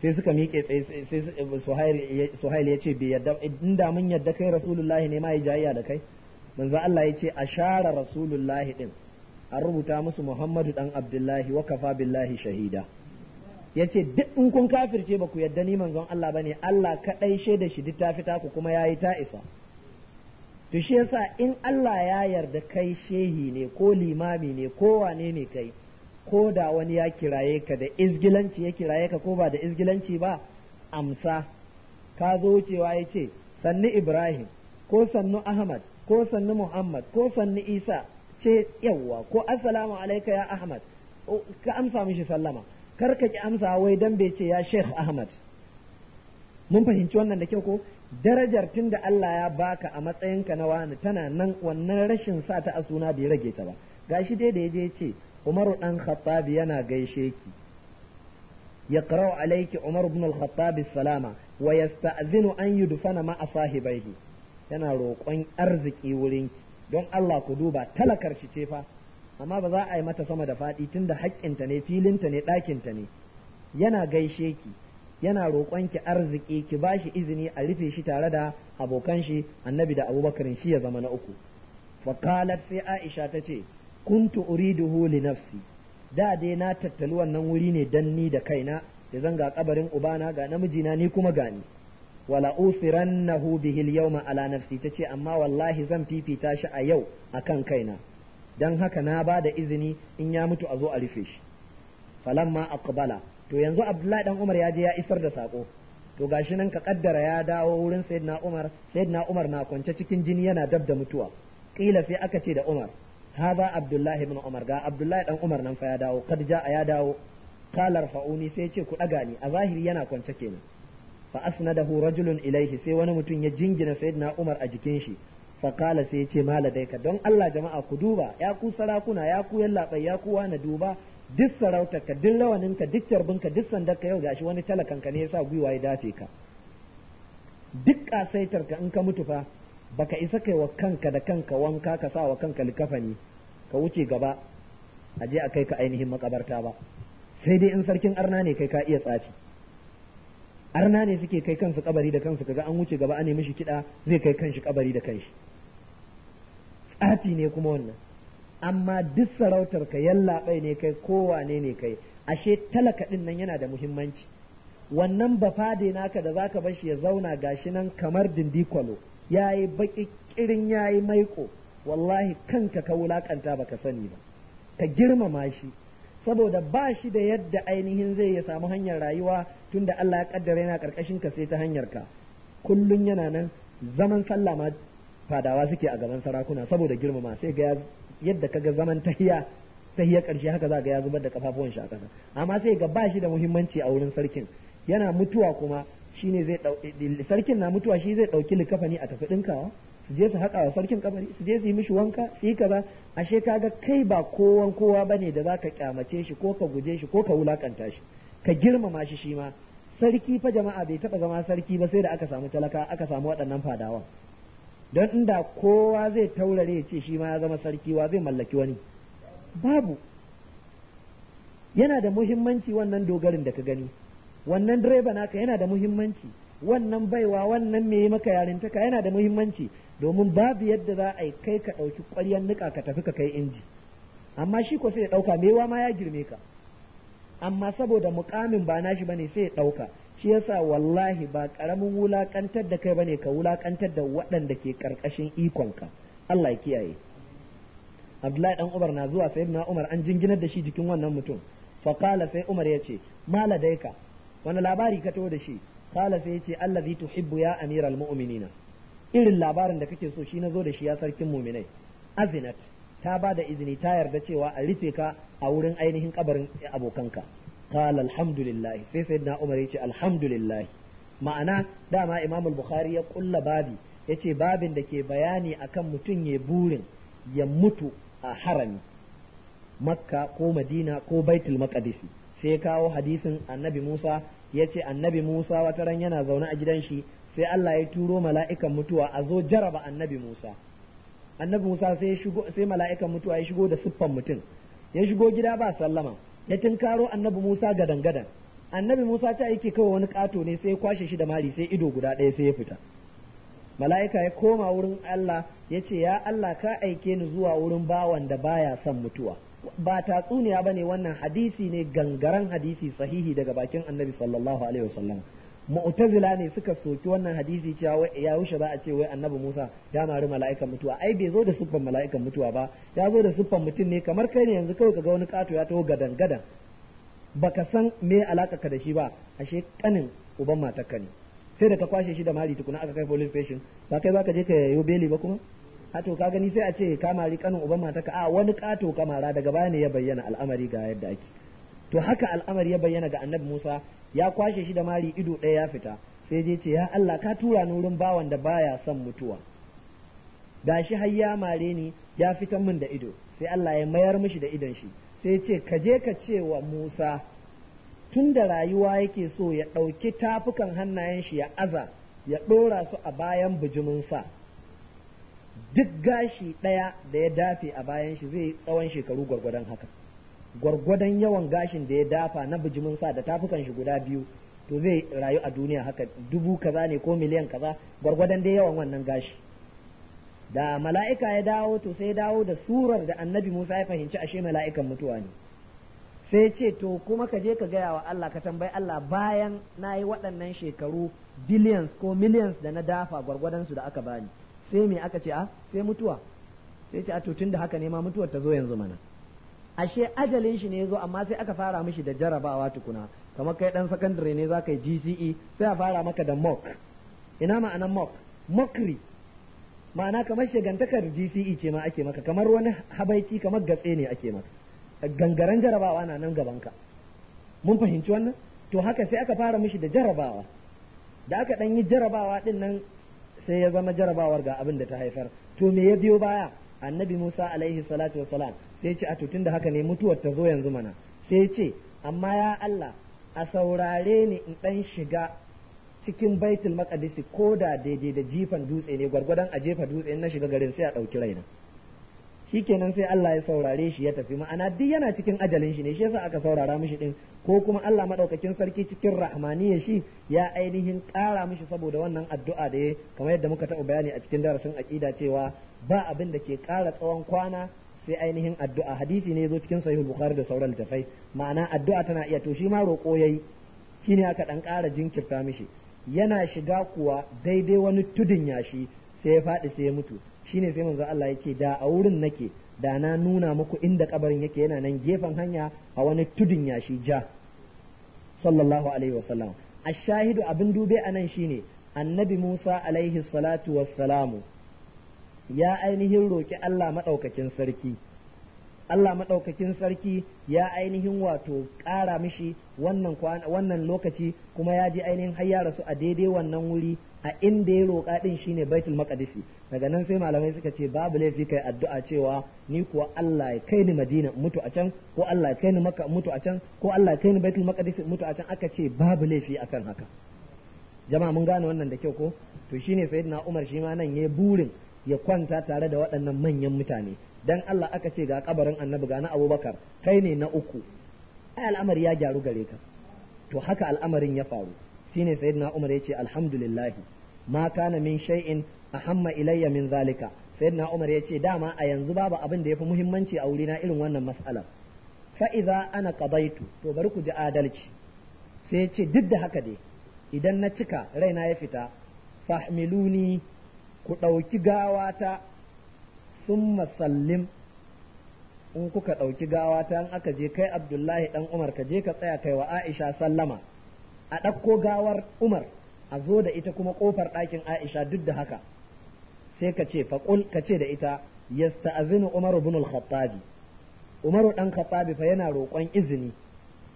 sai suka miƙe tsaye sai eh, suhail ya ce bai yadda inda mun yadda kai rasulullahi ne ma yi jayayya da kai manzo Allah ya ce a share rasulullahi din an rubuta musu muhammadu dan abdullahi wa kafa billahi shahida yace duk in kun kafirce ba ku yadda ni manzon Allah ba ne Allah kadai shaida shi duk ta fita ku kuma yayi ta isa to shi yasa in Allah ya yarda kai shehi ne ko limami ne ko wane ne kai ko da wani ya kiraye ka da izgilanci ya kiraye ka ko ba da izgilanci ba amsa ka zo wucewa ya ce sannu Ibrahim ko sannu Ahmad ko sannu Muhammad ko sannu Isa ce yawwa ko assalamu alaika ya Ahmad ka amsa mishi sallama kar ka ki amsa wai dan bai ce ya Sheikh Ahmad mun fahimci wannan da kyau ko darajar tunda Allah ya baka a matsayinka na wani tana nan wannan rashin sa ta a suna bai rage ta ba gashi dai da yaje ce Umaru dan Khattab yana gaishe ki يقرأ عليك عمر بن salama wa yasta'zinu an yudfana ma صاحبيه yana roƙon arziki wurinki don Allah ku duba talakar shi ce fa amma ba za a yi mata sama da faɗi tunda haƙƙinta ne filinta ne ɗakinta ne yana gaishe ki yana roƙon ki arziki ki ba shi izini a rufe shi tare da abokan shi annabi da abubakar shi ya zama na uku Fakalat sai aisha ta ce kuntu uriduhu li nafsi da dai na tattali wannan wuri ne dan ni da kaina ya zanga kabarin ubana ga namijina ni kuma gani wala usirannahu bihi al-yawma ala nafsi tace amma wallahi zan fifita shi a yau akan kaina don haka na bada izini in ya mutu a zo a rufe shi falamma aqbala to yanzu abdullahi dan umar ya je ya isar da sako to gashi nan ka kaddara ya dawo wurin sayyidina umar sayyidina umar na kwance cikin jini yana dab da mutuwa kila sai aka ce da umar haza abdullahi ibn umar ga abdullahi dan umar nan fa ya dawo kad ja ya dawo kalar fa'uni sai ce ku daga ni a zahiri yana kwance kenan fa asnadahu rajulun ilaihi sai wani mutum ya jingina sayyidina umar a jikin shi faƙala sai ya ce maladaika don Allah jama'a ku duba ya ku sarakuna ya ku yallaɓai ya ku wani duba duk sarautarka duk rawaninka duk carbinka duk sandarka yau gashi wani talakanka ne ya sa gwiwa ya dafe ka duk ƙasaitarka in ka mutu fa baka isa kai wa kanka da kanka wanka ka sa wa kanka likafani ka wuce gaba a je a kai ka ainihin makabarta ba sai dai in sarkin arna ne kai ka iya tsafi arna ne suke kai kansu kabari da kansu kaga an wuce gaba an nemi shi kiɗa zai kai kanshi kabari da kanshi tsafi ne kuma wannan amma duk sarautar ka yallaɓai ne kai kowane ne kai ashe talaka ɗin nan yana da muhimmanci wannan bafade naka da zaka bar shi ya zauna gashi nan kamar dindikwalo yayi baki kirin yayi maiko wallahi kanka ka wulakanta baka sani ba ka girmama shi saboda ba shi da yadda ainihin zai ya samu hanyar rayuwa tunda Allah ya kaddara yana karkashin ka sai ta hanyar ka kullun yana nan zaman sallah ma fadawa suke a gaban sarakuna saboda girmama sai ga yadda kaga zaman tahiya tahiya karshe haka za ga ya zubar da kafafuwan shi a kasa amma sai ga ba shi da muhimmanci a wurin sarkin yana mutuwa kuma shine zai eh, eh, sarkin na mutuwa shi zai dauki likafani a tafi dinkawa su je su haƙa wa sarkin kabari su je su yi mishi wanka su yi kaza ashe ka ga kai ba kowan kowa bane da zaka kyamace shi ko ka guje shi ko ka wulakanta shi ka girmama shi shi ma sarki fa jama'a bai taba zama sarki ba sai da aka samu talaka aka samu waɗannan fadawan don inda kowa zai taurare ya ce shi ma ya zama sarki wa zai mallaki wani babu yana da muhimmanci wannan dogarin da ka gani wannan direba naka yana da muhimmanci wannan baiwa wannan mai maka yarintaka yana da muhimmanci domin babu yadda za a yi kai ka ɗauki ƙwaryan niƙa ka tafi ka kai inji amma shi ko sai ya ɗauka mewa ma ya girme ka amma saboda mukamin ba nashi ne sai ya ɗauka shi yasa wallahi ba karamin wulakantar da kai bane ka wulakantar da waɗanda ke karkashin ikonka Allah ya kiyaye Abdullahi dan Umar na zuwa na Umar an jinginar da shi jikin wannan mutum fa qala sai Umar ya ce, mala daika wani labari ka to da shi qala sai ya yace allazi tuhibbu ya amiral mu'minina irin labarin da kake so shi na zo da shi ya sarkin mu'minai azinat ta ba da izini ta yarda cewa a rufe ka a wurin ainihin kabarin abokanka qala alhamdulillah sai sayyidina umar yace alhamdulillah ma'ana dama imam bukhari ya kulla babi yace babin da ke bayani akan mutum ya burin ya mutu a harami makka ko madina ko baitul maqdisi sai kawo hadisin annabi musa yace annabi musa wata ran yana zaune a gidan shi sai Allah ya turo mala'ikan mutuwa a zo jaraba annabi musa annabi musa sai mala'ikan mutuwa ya shigo da siffan mutum ya shigo gida ba sallaman. ya tunkaro annabi Musa gadan-gadan annabi Musa ta aiki kawai wani kato ne sai ya kwashe shi da mari sai ido guda ɗaya sai ya fita mala'ika ya koma wurin Allah ya ce ya Allah ka aike ni zuwa wurin bawan da baya son mutuwa ba tatsuniya bane wannan hadisi ne gangaren hadisi sahihi daga bakin annabi sallallahu alaihi wasallam mu'tazila ne suka soki wannan hadisi cewa ya wuce za a ce wai annabi Musa ya mari mala'ikan mutuwa ai bai zo da siffar mala'ikan mutuwa ba ya zo da siffar mutum ne kamar kai ne yanzu kawai kaga wani kato ya taho gadan gadan baka san me alaka ka da shi ba ashe kanin uban matarka ne sai da ka kwashe shi da mari tukuna aka kai police station ba kai zaka je ka yayo beli ba kuma a to ka gani sai a ce ka mari kanin uban matarka a wani kato kamara daga baya ne ya bayyana al'amari ga yadda ake to haka al'amari ya bayyana ga annabi Musa ya kwashe shi da mari ido ɗaya ya fita sai je ce ya Allah ka tura ni wurin bawan da baya son mutuwa shi har ya mare ni ya fita min da ido sai Allah ya mayar mishi da idon shi sai ce ka je ka ce wa Musa tun da rayuwa yake so ya ɗauki tafukan hannayen shi ya aza ya ɗora su a bayan bijiminsa duk gashi ɗaya da ya dafe a bayan shi zai tsawon shekaru gwargwadon haka gwargwadon yawan gashin da ya dafa na bijimin sa da tafukan shi guda biyu to zai rayu a duniya haka dubu kaza ne ko miliyan kaza gwargwadon dai yawan wannan gashi da mala'ika ya dawo to sai dawo da surar da annabi Musa ya fahimci ashe mala'ikan mutuwa ne sai ce to kuma ka je ka gaya wa Allah ka tambayi Allah bayan na yi waɗannan shekaru billions ko millions da na dafa gwargwadon su da aka bani sai me aka ce a ah, sai mutuwa sai ce a ah, to tun da haka ne ma mutuwar ta zo yanzu mana ashe ajalin shi ne ya zo amma sai aka fara mishi da jarabawa tukuna kamar kai dan sakandare ne zaka yi GCE sai a fara maka da mock ina ma'anan mock mockery ma'ana kamar shigantakar GCE ce ma ake maka kamar wani habaici kamar gatse ne ake maka gangaren jarabawa na nan gaban ka mun fahimci wannan to haka sai aka fara mishi da jarabawa da aka dan yi jarabawa din nan sai ya zama jarabawar ga abin da ta haifar to me ya biyo baya annabi Musa alaihi salatu wassalam sai ce a tutun da haka ne mutuwar ta zo yanzu mana sai ce amma ya Allah a saurare ni in dan shiga cikin baitul maqdisi ko da daidai da jifan dutse ne gwargwadon a jefa dutse na shiga garin sai a ɗauki raina shikenan sai Allah ya saurare shi ya tafi ma'ana duk yana cikin ajalin shi ne shi yasa aka saurara mishi din ko kuma Allah madaukakin sarki cikin rahmaniyya shi ya ainihin ƙara mishi saboda wannan addu'a da ya kamar yadda muka taɓa bayani a cikin darasin aqida cewa ba abin da ke ƙara tsawon kwana sai ainihin addu'a hadisi ne zo cikin sahihul bukhari da sauran littafai ma'ana addu'a tana iya to shi ma roƙo yayi shine aka dan ƙara jinkirta mishi yana shiga kuwa daidai wani tudun yashi sai ya faɗi sai ya mutu shine sai manzo Allah ya ce da a wurin nake da na nuna muku inda kabarin yake yana nan gefen hanya a wani tudun yashi ja sallallahu alaihi wasallam ashahidu abin dube anan shine annabi Musa alaihi salatu wassalamu ya ainihin roki Allah maɗaukakin sarki Allah maɗaukakin sarki ya ainihin wato ƙara mishi wannan wannan lokaci kuma ya ji ainihin har ya rasu a daidai wannan wuri a inda ya roƙa din shine Baitul Maqdisi daga nan sai malamai suka ce babu laifi kai addu'a cewa ni kuwa Allah ya kai ni Madina mutu a can ko Allah ya kai ni Makka mutu a can ko Allah ya kai ni Baitul Maqdisi mutu a can aka ce babu laifi akan haka jama'a mun gane wannan da kyau ko to shine Sayyidina Umar shi ma nan yayi burin ya kwanta tare da waɗannan manyan mutane dan Allah aka ce ga kabarin annabi ga na abubakar kai ne na uku ai al'amari ya gyaru gare ka to haka al'amarin ya faru shine sayyidina umar ya ce alhamdulillah ma kana min shay'in ahamma ilayya min zalika sayyidina umar ya ce dama a yanzu babu abin da yafi muhimmanci a wurina irin wannan mas'ala fa idza ana qadaitu to bari ku ji adalci sai ya ce duk da haka dai idan na cika raina ya fita fahmiluni ku ɗauki gawata sun masallim in kuka ɗauki gawata in aka je kai abdullahi ɗan umar ka je ka tsaya kai wa aisha sallama a ɗakko gawar umar a zo da ita kuma ƙofar ɗakin aisha duk da haka sai ka ce faƙul ka ce da ita yasta'azinu umar ibn al-khattabi umar ɗan khattabi fa yana roƙon izini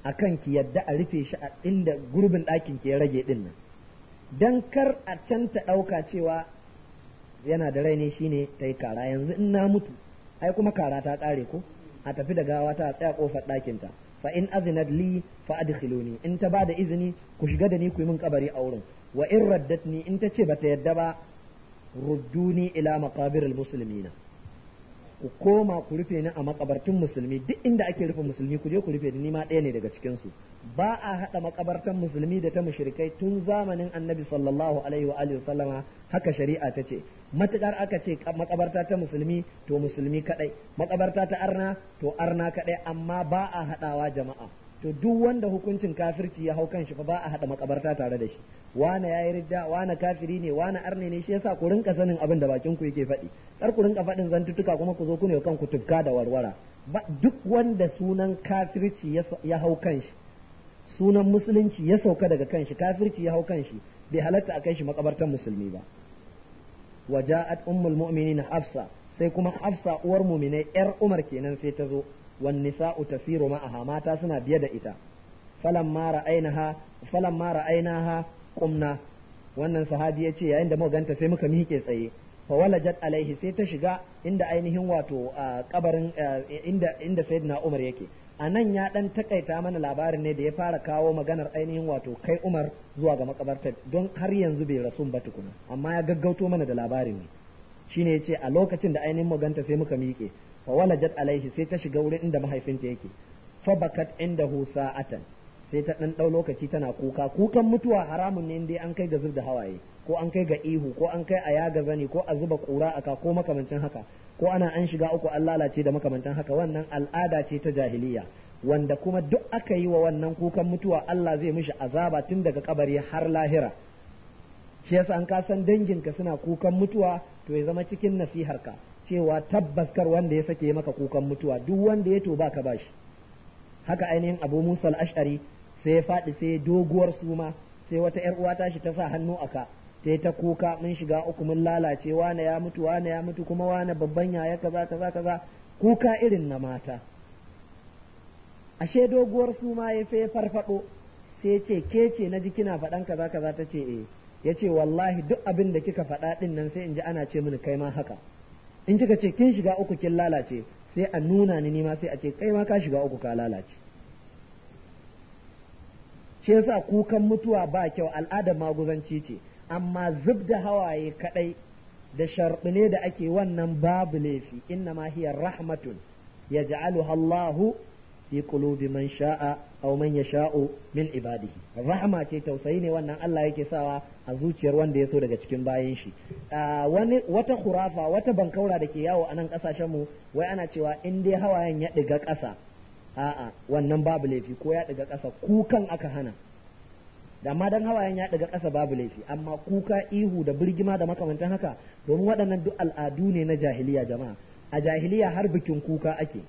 akan ki yadda a rufe shi a inda gurbin ɗakin ke rage ɗin nan dan kar a can ta ɗauka cewa yana da rai ne shine ta yi kara yanzu in na mutu ai kuma kara ta kare ko a tafi da gawa ta tsaya kofar ɗakin ta fa in azinat li fa adkhiluni in ta bada izini ku shiga da ni ku yi min kabari a wurin wa in raddatni in ta ce bata yadda ba rudduni ila musulmi na. ku koma ku rufe ni a makabartin musulmi duk inda ake rufe musulmi ku je ku rufe ni ma ɗaya ne daga cikin su ba a haɗa makabartan musulmi da ta mushrikai tun zamanin annabi sallallahu alaihi wa alihi sallama haka shari'a ta ce matuƙar aka ce makabarta ta musulmi to musulmi kaɗai makabarta ta arna to arna kaɗai amma ba a haɗawa jama'a to duk wanda hukuncin kafirci ya hau kanshi fa ba a haɗa makabarta tare da shi wane yayi ridda wane kafiri ne wane arne ne shi yasa ku rinka sanin abin da bakin ku yake faɗi kar ku rinka faɗin zantuttuka kuma ku zo ku ne kanku tubka da warwara ba duk wanda sunan kafirci ya hau kanshi sunan musulunci ya sauka daga kanshi kafirci ya hau kanshi bai halatta a kai shi makabartar musulmi ba wa ja'at ummul mu'minin hafsa sai kuma hafsa uwar mu'mine yar umar kenan sai ta zo wan nisa'u tasiru ma'aha mata suna biye da ita falamma ra'ainaha falamma ra'ainaha ƙumna wannan sahabi ya ce yayin da muka ganta sai muka mike tsaye fa walajat alaihi sai ta shiga inda ainihin wato kabarin inda inda sayyidina umar yake a nan ya ɗan takaita mana labarin ne da ya fara kawo maganar ainihin wato kai Umar zuwa ga makabartar don har yanzu bai rasu ba tukuna amma ya gaggauto mana da labarin ne shine ce a lokacin da ainihin maganta sai muka miƙe fa walajat alaihi sai ta shiga wurin inda mahaifinta yake fa bakat indahu sa'atan sai ta dan dau lokaci tana kuka kukan mutuwa haramun ne dai an kai ga zub da hawaye ko an kai ga ihu ko an kai a yaga zani ko a zuba kura aka ko makamancin haka ko ana an shiga uku an lalace da makamantan haka wannan al'ada ce ta jahiliya wanda kuma duk aka yi wa wannan kukan mutuwa Allah zai mishi azaba tun daga kabari har lahira shi yasa an kasan danginka suna kukan mutuwa to ya zama cikin nasiharka cewa tabbas kar wanda ya sake maka kukan mutuwa duk wanda ya to ka bashi haka ainihin Abu Musa al'ashari ashari sai ya faɗi sai doguwar suma sai wata 'yar uwa tashi ta sa hannu aka sai ta kuka mun shiga uku mun lalace wane ya mutu wane ya mutu kuma wane babban yaya kaza kaza kaza kuka irin na mata ashe doguwar su ma ya fe farfado sai ce ke ce na ji kina faɗan kaza kaza ta ce eh ya ce wallahi duk abin da kika faɗa ɗin nan sai in ji ana ce mini kai ma haka in kika ce kin shiga uku kin lalace sai a nuna ni nima sai a ce kai ma ka shiga uku ka lalace shi yasa kukan mutuwa ba kyau al'adar maguzanci ce amma zub da hawaye kaɗai da ne da ake wannan babu laifi inna ma hiya rahmatun ya Allahu fi qulubi man sha'a aw man yasha'u min ibadihi rahma ce tausayi ne wannan Allah yake sawa a zuciyar wanda ya so daga cikin bayan shi wani wata khurafa wata bankaura da ke yawo a nan kasashen mu wai ana cewa in dai hawayen ya diga ƙasa a'a wannan babu laifi ko ya ɗiga ƙasa kukan aka hana da amma dan hawayen ya daga ƙasa babu laifi amma kuka ihu da birgima da makamantan haka domin waɗannan duk al'adu ne na jahiliya jama'a a jahiliya har bikin kuka ake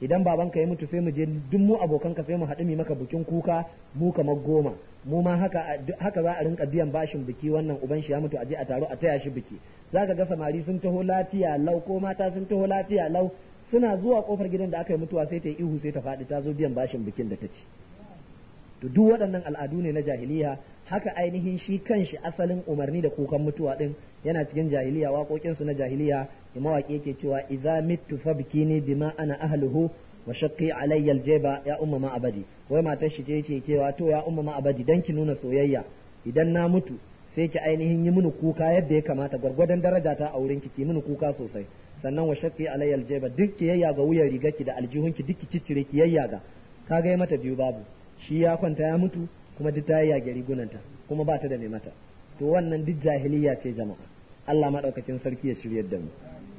idan babanka ya mutu sai mu je duk mu abokanka sai mu haɗu mu maka bikin kuka mu kamar goma mu ma haka haka za a rinka biyan bashin biki wannan uban shi ya mutu a je a taro a taya shi biki zaka ga samari sun taho lafiya lau ko mata sun taho lafiya lau suna zuwa kofar gidan da aka yi mutuwa sai ta yi ihu sai ta faɗi ta zo biyan bashin bikin da ta ci to duk waɗannan al'adu ne na jahiliya haka ainihin shi kanshi asalin umarni da kukan mutuwa din yana cikin jahiliya waƙoƙin su na jahiliya ne mawaƙi yake cewa idza mittu fabkini bima ana ahluhu wa shaqqi alayya aljaba ya umma ma abadi wai matar shi ce ce cewa to ya umma ma abadi dan ki nuna soyayya idan na mutu sai ki ainihin yi mini kuka yadda ya kamata gwargwadon daraja ta a wurin ki ki mini kuka sosai sannan wa shaqqi alayya aljaba duk ki yayyaga wuyan rigarki da aljihunki duk ki ciccire ki yayyaga kaga mata biyu babu shi ya kwanta ya mutu kuma duk ta yi gari gunanta kuma ba ta da mai mata to wannan duk jahiliya ce jama'a Allah maɗaukakin sarki ya shiryar da mu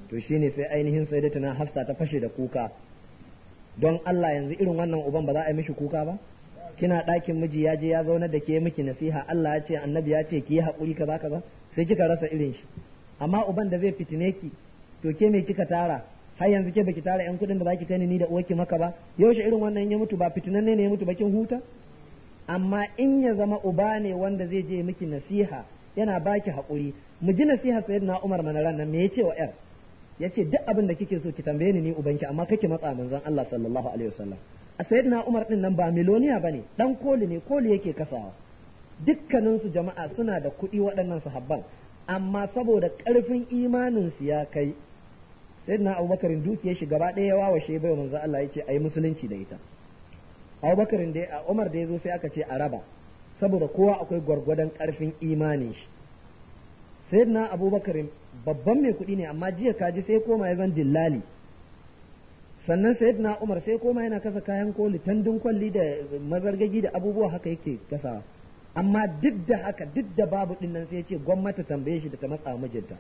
to shine sai ainihin tana Hafsa ta fashe da kuka don Allah yanzu irin wannan uban ba za a yi mishi kuka ba kina ɗakin miji ya je ya zauna da ke miki nasiha Allah ya ce annabi ya ce ki yi haƙuri kaza kaza sai kika rasa irin shi amma uban da zai fitine ki to ke me kika tara har yanzu ke baki tara yan kuɗin da zaki kai ni da uwarki maka ba yaushe irin wannan ya mutu ba fitinan ne ya mutu bakin huta amma in ya zama uba ne wanda zai je miki nasiha yana baki haƙuri mu ji nasiha sayyidina Umar ran nan me yace wa yar yace duk abin da kike so ki tambaye ni ni ubanki amma kake matsa manzon Allah sallallahu alaihi wasallam a sayyidina Umar din nan ba miloniya bane dan koli ne koli yake kasawa dukkanin su jama'a suna da kuɗi waɗannan sahabban amma saboda ƙarfin imanin su ya kai sayyidina abubakar dukiyar shi gaba ɗaya ya wawashe bai manzo Allah ya yace ayi musulunci da ita abubakar da a umar da ya zo sai aka ce a raba saboda kowa akwai gwargwadon ƙarfin imanin shi sayyidina abubakar babban mai kuɗi ne amma jiya kaji sai koma ya zan dillali sannan na umar sai koma yana kasa kayan koli tandun kwalli da mazargagi da abubuwa haka yake kasawa amma duk da haka duk da babu din nan sai ya ce gwamnati tambaye shi da ta matsa mijinta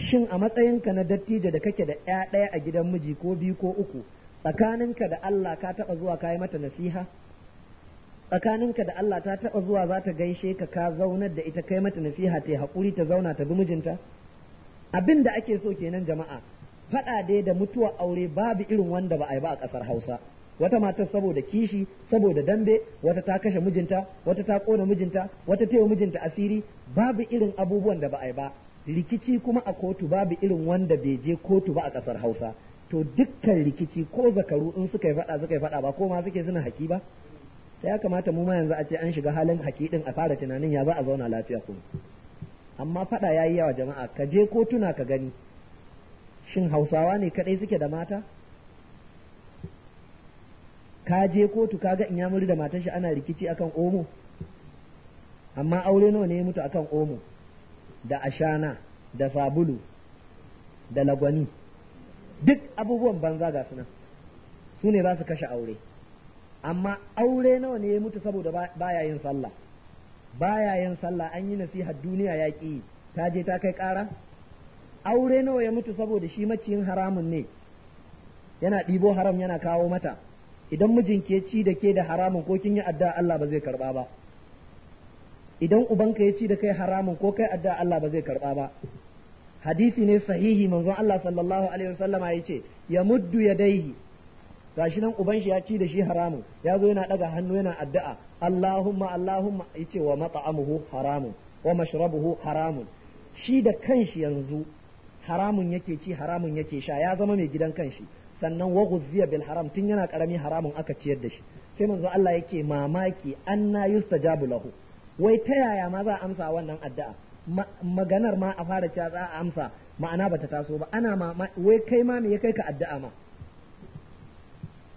shin a matsayinka na dattijo da kake da ɗaya ɗaya a gidan miji ko biyu ko uku tsakaninka da Allah ka taɓa zuwa ka yi mata nasiha tsakaninka da Allah ta taɓa zuwa za ta gaishe ka ka zaunar da ita kai mata nasiha ta haƙuri ta zauna ta bi mijinta abin da ake so kenan jama'a faɗa dai da mutuwa aure babu irin wanda ba a yi ba a ƙasar Hausa wata matar saboda kishi saboda dambe wata ta kashe mijinta wata ta ƙona mijinta wata ta yi mijinta asiri babu irin abubuwan da ba a yi ba rikici kuma a kotu babu irin wanda bai je kotu ba a ƙasar hausa to dukkan rikici ko zakaru in suka yi faɗa suka yi faɗa ba ko ma suke suna haki ba sai ya kamata mu ma yanzu a ce an shiga halin haki din a fara tunanin ya za a zauna lafiya kuma amma faɗa ya yawa jama'a ka je kotuna ka gani shin hausawa ne kaɗai suke da mata ka je kotu ka ga muri da matar shi ana rikici akan omo amma aure nawa ne ya mutu akan omo da ashana da sabulu da lagwani duk abubuwan banza ga sunan su ne za su kashe aure amma aure nawa ne ya mutu saboda baya yin sallah baya yin sallah an yi nasihar duniya ya ƙi ta je ta kai ƙara aure nawa ya mutu saboda shi maciyin haramun ne yana ɗibo haram yana kawo mata idan mijinki ya ci da ke da haramun ko kin yi addu'a Allah ba zai karba ba idan ubanka ya ci da kai haramun ko kai addu'a Allah ba zai karba ba hadisi ne sahihi manzon Allah sallallahu alaihi wasallama ya ce ya muddu yadaihi gashi nan uban shi ya ci da shi haramun ya zo yana daga hannu yana addu'a Allahumma Allahumma yace wa mat'amuhu haramun wa mashrabuhu haramun shi da kanshi yanzu haramun yake ci haramun yake sha ya zama mai gidan kanshi sannan wa ghuzziya bil haram tun yana karami haramun aka ciyar da shi sai manzo Allah yake mamaki anna yustajabu lahu wai ta yaya ma za a amsa wannan addu'a maganar ma a fara cewa za a amsa ma'ana bata taso ba ana mamaki wai kai ma me ya kai ka addu'a ma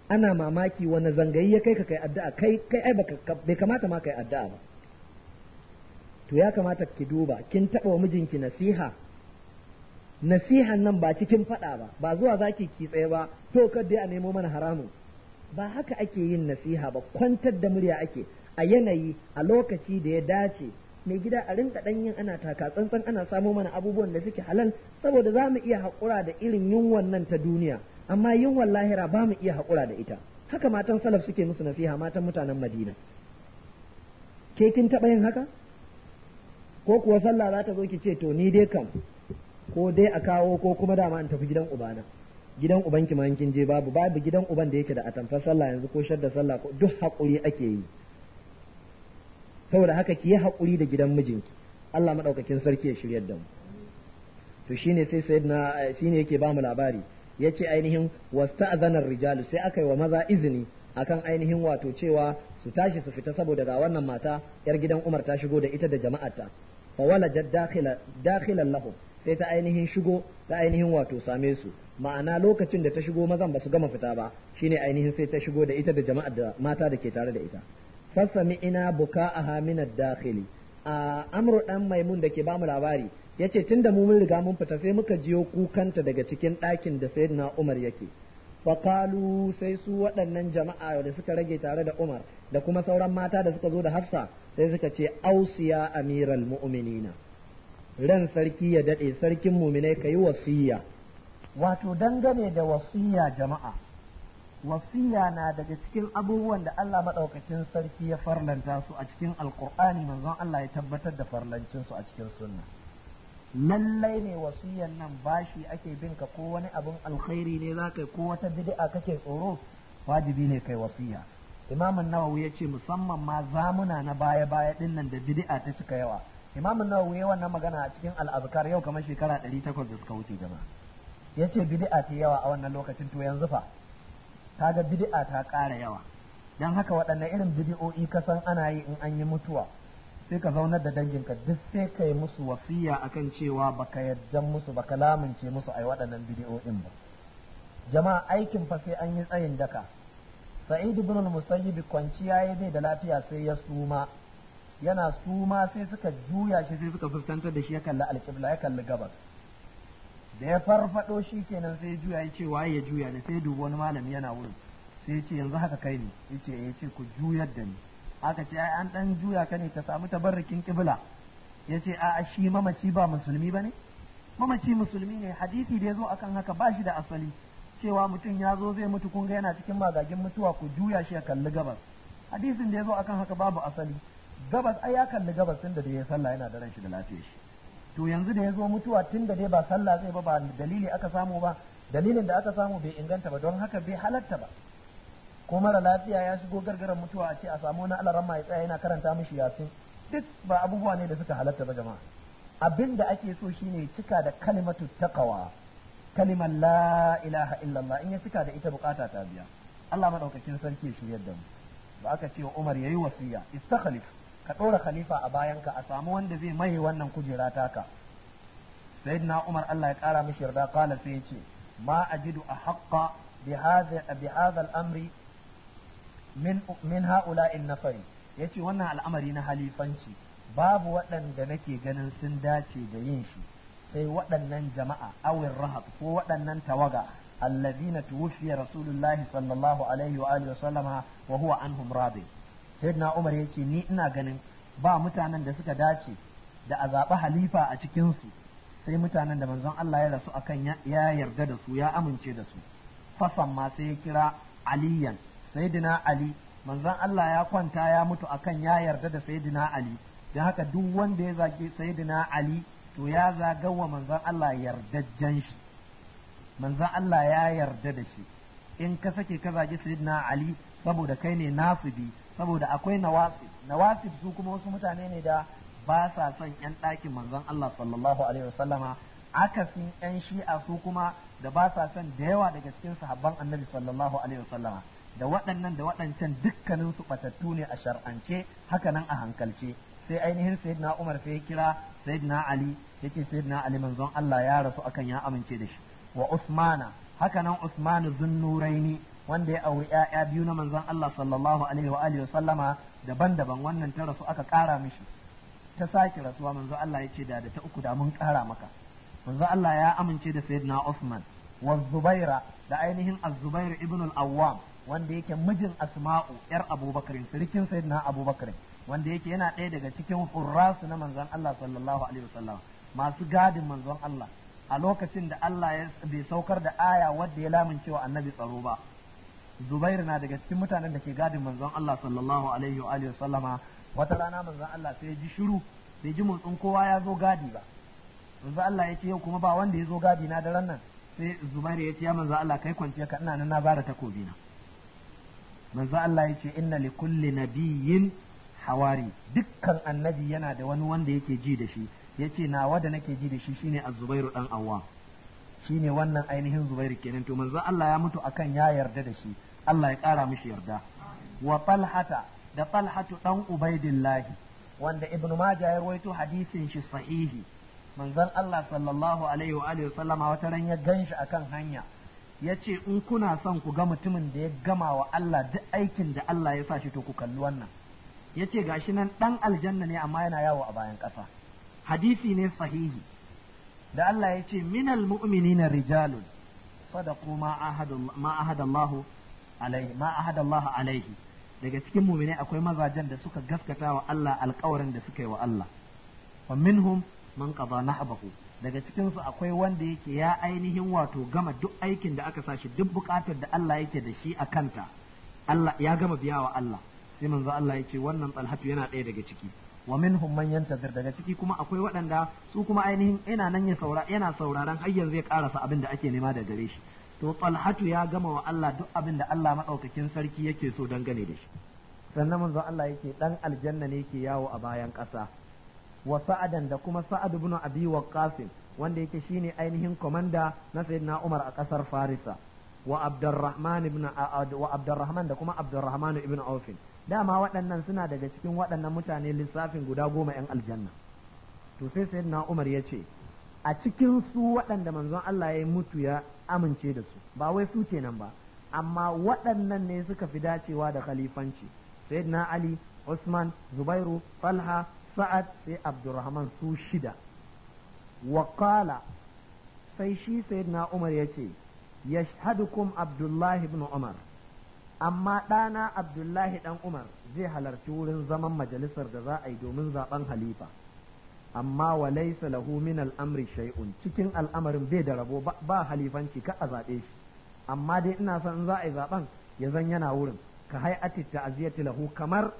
ana mamaki wani zangayi ya kai ka kai addu'a kai kai ai bai kamata ma kai addu'a ba to ya kamata ki duba kin taba wa mijinki nasiha nasihan nan ba cikin faɗa ba ba zuwa zaki ki tsaye ba to dai a nemo mana haramun ba haka ake yin nasiha ba kwantar da murya ake a yanayi a lokaci da ya dace mai gida a rinka dan ana taka tsantsan ana samo mana abubuwan da suke halal saboda za mu iya haƙura da irin yunwan nan ta duniya amma yunwan lahira ba mu iya haƙura da ita haka matan salaf suke musu nasiha matan mutanen madina ke kin taɓa yin haka ko kuwa sallah za ta zo ki ce to ni dai kam ko dai a kawo ko kuma dama in tafi gidan ubana gidan ubanki ma kin je babu babu gidan uban da yake da atamfar sallah yanzu ko shadda sallah ko duk haƙuri ake yi saboda haka ki yi haƙuri da gidan mijinki Allah maɗaukakin sarki ya shiryar da mu to shine sai sayyidina shine yake ba mu labari yace ainihin wasta'zanar rijalu sai aka yi wa maza izini akan ainihin wato cewa su tashi su fita saboda ga wannan mata yar gidan Umar ta shigo da ita da jama'arta fa wala dakhila dakhilan lahum sai ta ainihin shigo ta ainihin wato same su ma'ana lokacin da ta shigo mazan ba su gama fita ba shine ainihin sai ta shigo da ita da jama'ar da mata da ke tare da ita fasami ina buka a haminat dakhili a amru dan maimun da ke ba mu labari yace da mu mun riga mun fita sai muka jiyo kukanta daga cikin ɗakin da sayyidina umar yake faƙalu sai su waɗannan jama'a da suka rage tare da Umar da kuma sauran mata da suka zo da Hafsa sai suka ce ausiya amiral mu'minina ran sarki ya daɗe sarkin muminai ka yi wasiya wato dangane da wasiya jama'a wasiya na daga cikin abubuwan da Allah maɗaukacin sarki ya farlanta su a cikin alkur'ani manzon Allah ya tabbatar da farlancin su a cikin sunna lallai ne wasiyan nan bashi ake bin ka ko wani abin alkhairi ne za kai ko wata bid'a kake tsoro wajibi ne kai wasiya imamin nawawi ya musamman ma zamuna na baya baya din da bid'a ta cika yawa imamin nawawi ya wannan magana a cikin al al-azkar yau kamar shekara 800 da suka wuce jama'a yace bid'a ta yawa a wannan lokacin to yanzu fa ga bidi'a ta ƙara yawa don haka waɗannan irin bidi'o'i ka san ana yi in an yi mutuwa sai ka zaunar da danginka duk sai ka yi musu wasiya kan cewa baka yadda musu baka lamince musu ai waɗannan bidi'o'in ba jama'a aikin fa sai an yi tsayin daka Sa'idu ibn al-musayyib kwanciya ya bai da lafiya sai ya suma yana suma sai suka juya shi sai suka fuskantar da shi ya kalli alƙibla ya kalli gabas da ya farfado shi kenan sai juya ya ce waye ya juya ne sai dubi wani malami yana wurin sai ce yanzu haka kai ne ya ce eh, ya ce ku juyar da ni aka ce ai an dan juya ka ne ka samu tabarrukin kibla ya ce a shi mamaci ba musulmi ba ne mamaci musulmi ne hadisi da ya zo akan haka ba shi da asali cewa mutum ya zo zai mutu kun ga yana cikin magagin mutuwa ku juya shi ya kalli gabas hadisin da ya zo akan haka babu asali gabas ai ya kalli gabas tunda da ya sallah yana da ran shi da lafiyar shi to yanzu da ya zo mutuwa tun da dai ba sallah zai ba ba dalili aka samu ba dalilin da aka samu bai inganta ba don haka bai halatta ba ko mara lafiya ya shigo gargaran mutuwa a ce a samu wani alaran ma ya tsaya yana karanta mishi yasin duk ba abubuwa ne da suka halatta ba jama'a abin da ake so shine cika da kalimatu taqwa kalimar la ilaha illallah in ya cika da ita bukata ta biya Allah madaukakin sarki ya shiryar da mu ba aka ce wa Umar yayi wasiya istakhlif ka ɗora khalifa a bayanka a samu wanda zai maye wannan kujera taka sayyidina umar Allah ya kara mishi yarda kala sai yace ma ajidu a haqqa bi hadha bi hadha al-amri min min ha'ula'i nafari yace wannan al'amari na halifanci babu waɗanda nake ganin sun dace da yin shi sai waɗannan jama'a awin rahab ko waɗannan tawaga alladhina tuwfiya rasulullahi sallallahu alaihi wa alihi wa sallama wa huwa anhum radi sayyidina umar ya ce ni ina ganin ba mutanen da suka dace da a zaɓi halifa a cikinsu sai mutanen da manzon Allah ya rasu akan ya yarda da su ya amince da su fasan ma sai ya kira aliyan sayyidina ali manzon Allah ya kwanta ya mutu akan ya yarda da sayyidina ali dan haka duk wanda ya zage sayyidina ali to ya wa manzon Allah yardajjan shi manzon Allah ya yarda da shi in ka sake ka zage sayyidina ali saboda kai ne nasibi saboda akwai nawasib nawasib su kuma wasu mutane ne da ba sa son yan ɗakin manzon Allah sallallahu alaihi wasallama akasin yan shi'a su kuma da ba sa son da yawa daga cikin sahabban annabi sallallahu alaihi wasallama da waɗannan da waɗancan dukkanin su batattu ne a shar'ance haka nan a hankalce sai ainihin sayyidina Umar sai ya kira sayyidina Ali yace sayyidina Ali manzon Allah ya rasu akan ya amince da shi wa Usmana haka nan Zunnuraini wanda ya auri ƴaƴa biyu na manzon Allah sallallahu alaihi wa alihi sallama daban-daban wannan ta rasu aka ƙara mishi ta sake rasuwa manzon Allah ya ce da da ta uku da mun ƙara maka manzon Allah ya amince da sayyidina Uthman wa Zubaira da ainihin Az-Zubair ibn al-Awwam wanda yake mijin Asma'u yar Abubakar sirikin sayyidina Abubakar wanda yake yana ɗaya daga cikin hurrasu na manzon Allah sallallahu alaihi wasallam masu gadin manzon Allah a lokacin da Allah bai saukar da aya wadda ya wa annabi tsaro ba Zubair na daga cikin mutanen da ke gadin manzon Allah sallallahu alaihi wa alihi wata rana manzon Allah sai ya ji shiru bai ji motsin kowa ya zo gadi ba manzon Allah ya ce yau kuma ba wanda ya zo gadi na daren nan sai Zubair ya ce ya manzon Allah kai kwanciya ka ina nan na bada takobi na manzon Allah ya ce inna li kulli nabiyyin hawari dukkan annabi yana da wani wanda yake ji da shi yace nawa da nake ji da shi shine a zubairu dan Awwam Shi ne wannan ainihin Zubairu kenan to manzo Allah ya mutu akan ya yarda da shi Allah ya kara mishi yarda wa falhata, da falhatu dan Ubaidullahi. wanda Ibn Majah ya rawaito hadisin shi sahihi manzon Allah sallallahu alaihi wa alihi sallama wata ran ya ganshi akan hanya yace in kuna son ku ga mutumin da ya gama wa Allah duk aikin da Allah ya sa shi to ku kalli wannan yace gashi nan dan aljanna ne amma yana yawo a bayan ƙasa hadisi ne sahihi da Allah ya ce minal mu'minina rijalun sadaqu ma ahadu ma ahadallahu alaihi ma ahadallahu alaihi daga cikin mu'minai akwai mazajen da suka gaskata wa Allah alƙawarin da suka yi wa Allah wa minhum man qada nahbahu daga cikin su akwai wanda yake ya ainihin wato gama duk aikin da aka sashi duk buƙatar da Allah yake da shi a kanta Allah ya gama biya wa Allah sai manzo Allah ya ce wannan talhatu yana ɗaya daga ciki wa minhum man yantazir daga ciki kuma akwai waɗanda su kuma ainihin ina nan ya saura yana sauraron har yanzu ya karasa abin da ake nema da gare shi to talhatu ya gama wa Allah duk abin da Allah madaukakin sarki yake so dangane da shi sannan manzo Allah yake dan aljanna ne yake yawo a bayan ƙasa wa sa'adan da kuma sa'ad ibn abi wanda yake shine ainihin komanda na sayyidina Umar a ƙasar Farisa wa Abdurrahman ibn wa Abdurrahman da kuma Abdurrahman ibn Auf dama waɗannan suna daga cikin waɗannan mutane lissafin guda goma 'yan aljanna to sai na umar ya ce a cikin su waɗanda manzon Allah ya yi mutu ya amince da su ba wai su kenan ba amma waɗannan ne suka fi dacewa da khalifanci sayyidina ali usman zubairu falha sa'ad sai abdurrahman su shida Wakala sai shi sayyidina umar ya ce yashhadukum abdullahi ibn umar amma ɗana abdullahi ɗan umar zai halarci wurin zaman majalisar da za a yi domin zaɓen halifa amma wa laisa lahu min al'amri shay'un cikin al'amarin bai da rabo ba halifanci ka a zaɓe shi amma dai ina son za a yi zaɓen ya zan yana wurin ka hay'ati ta'ziyati lahu kamar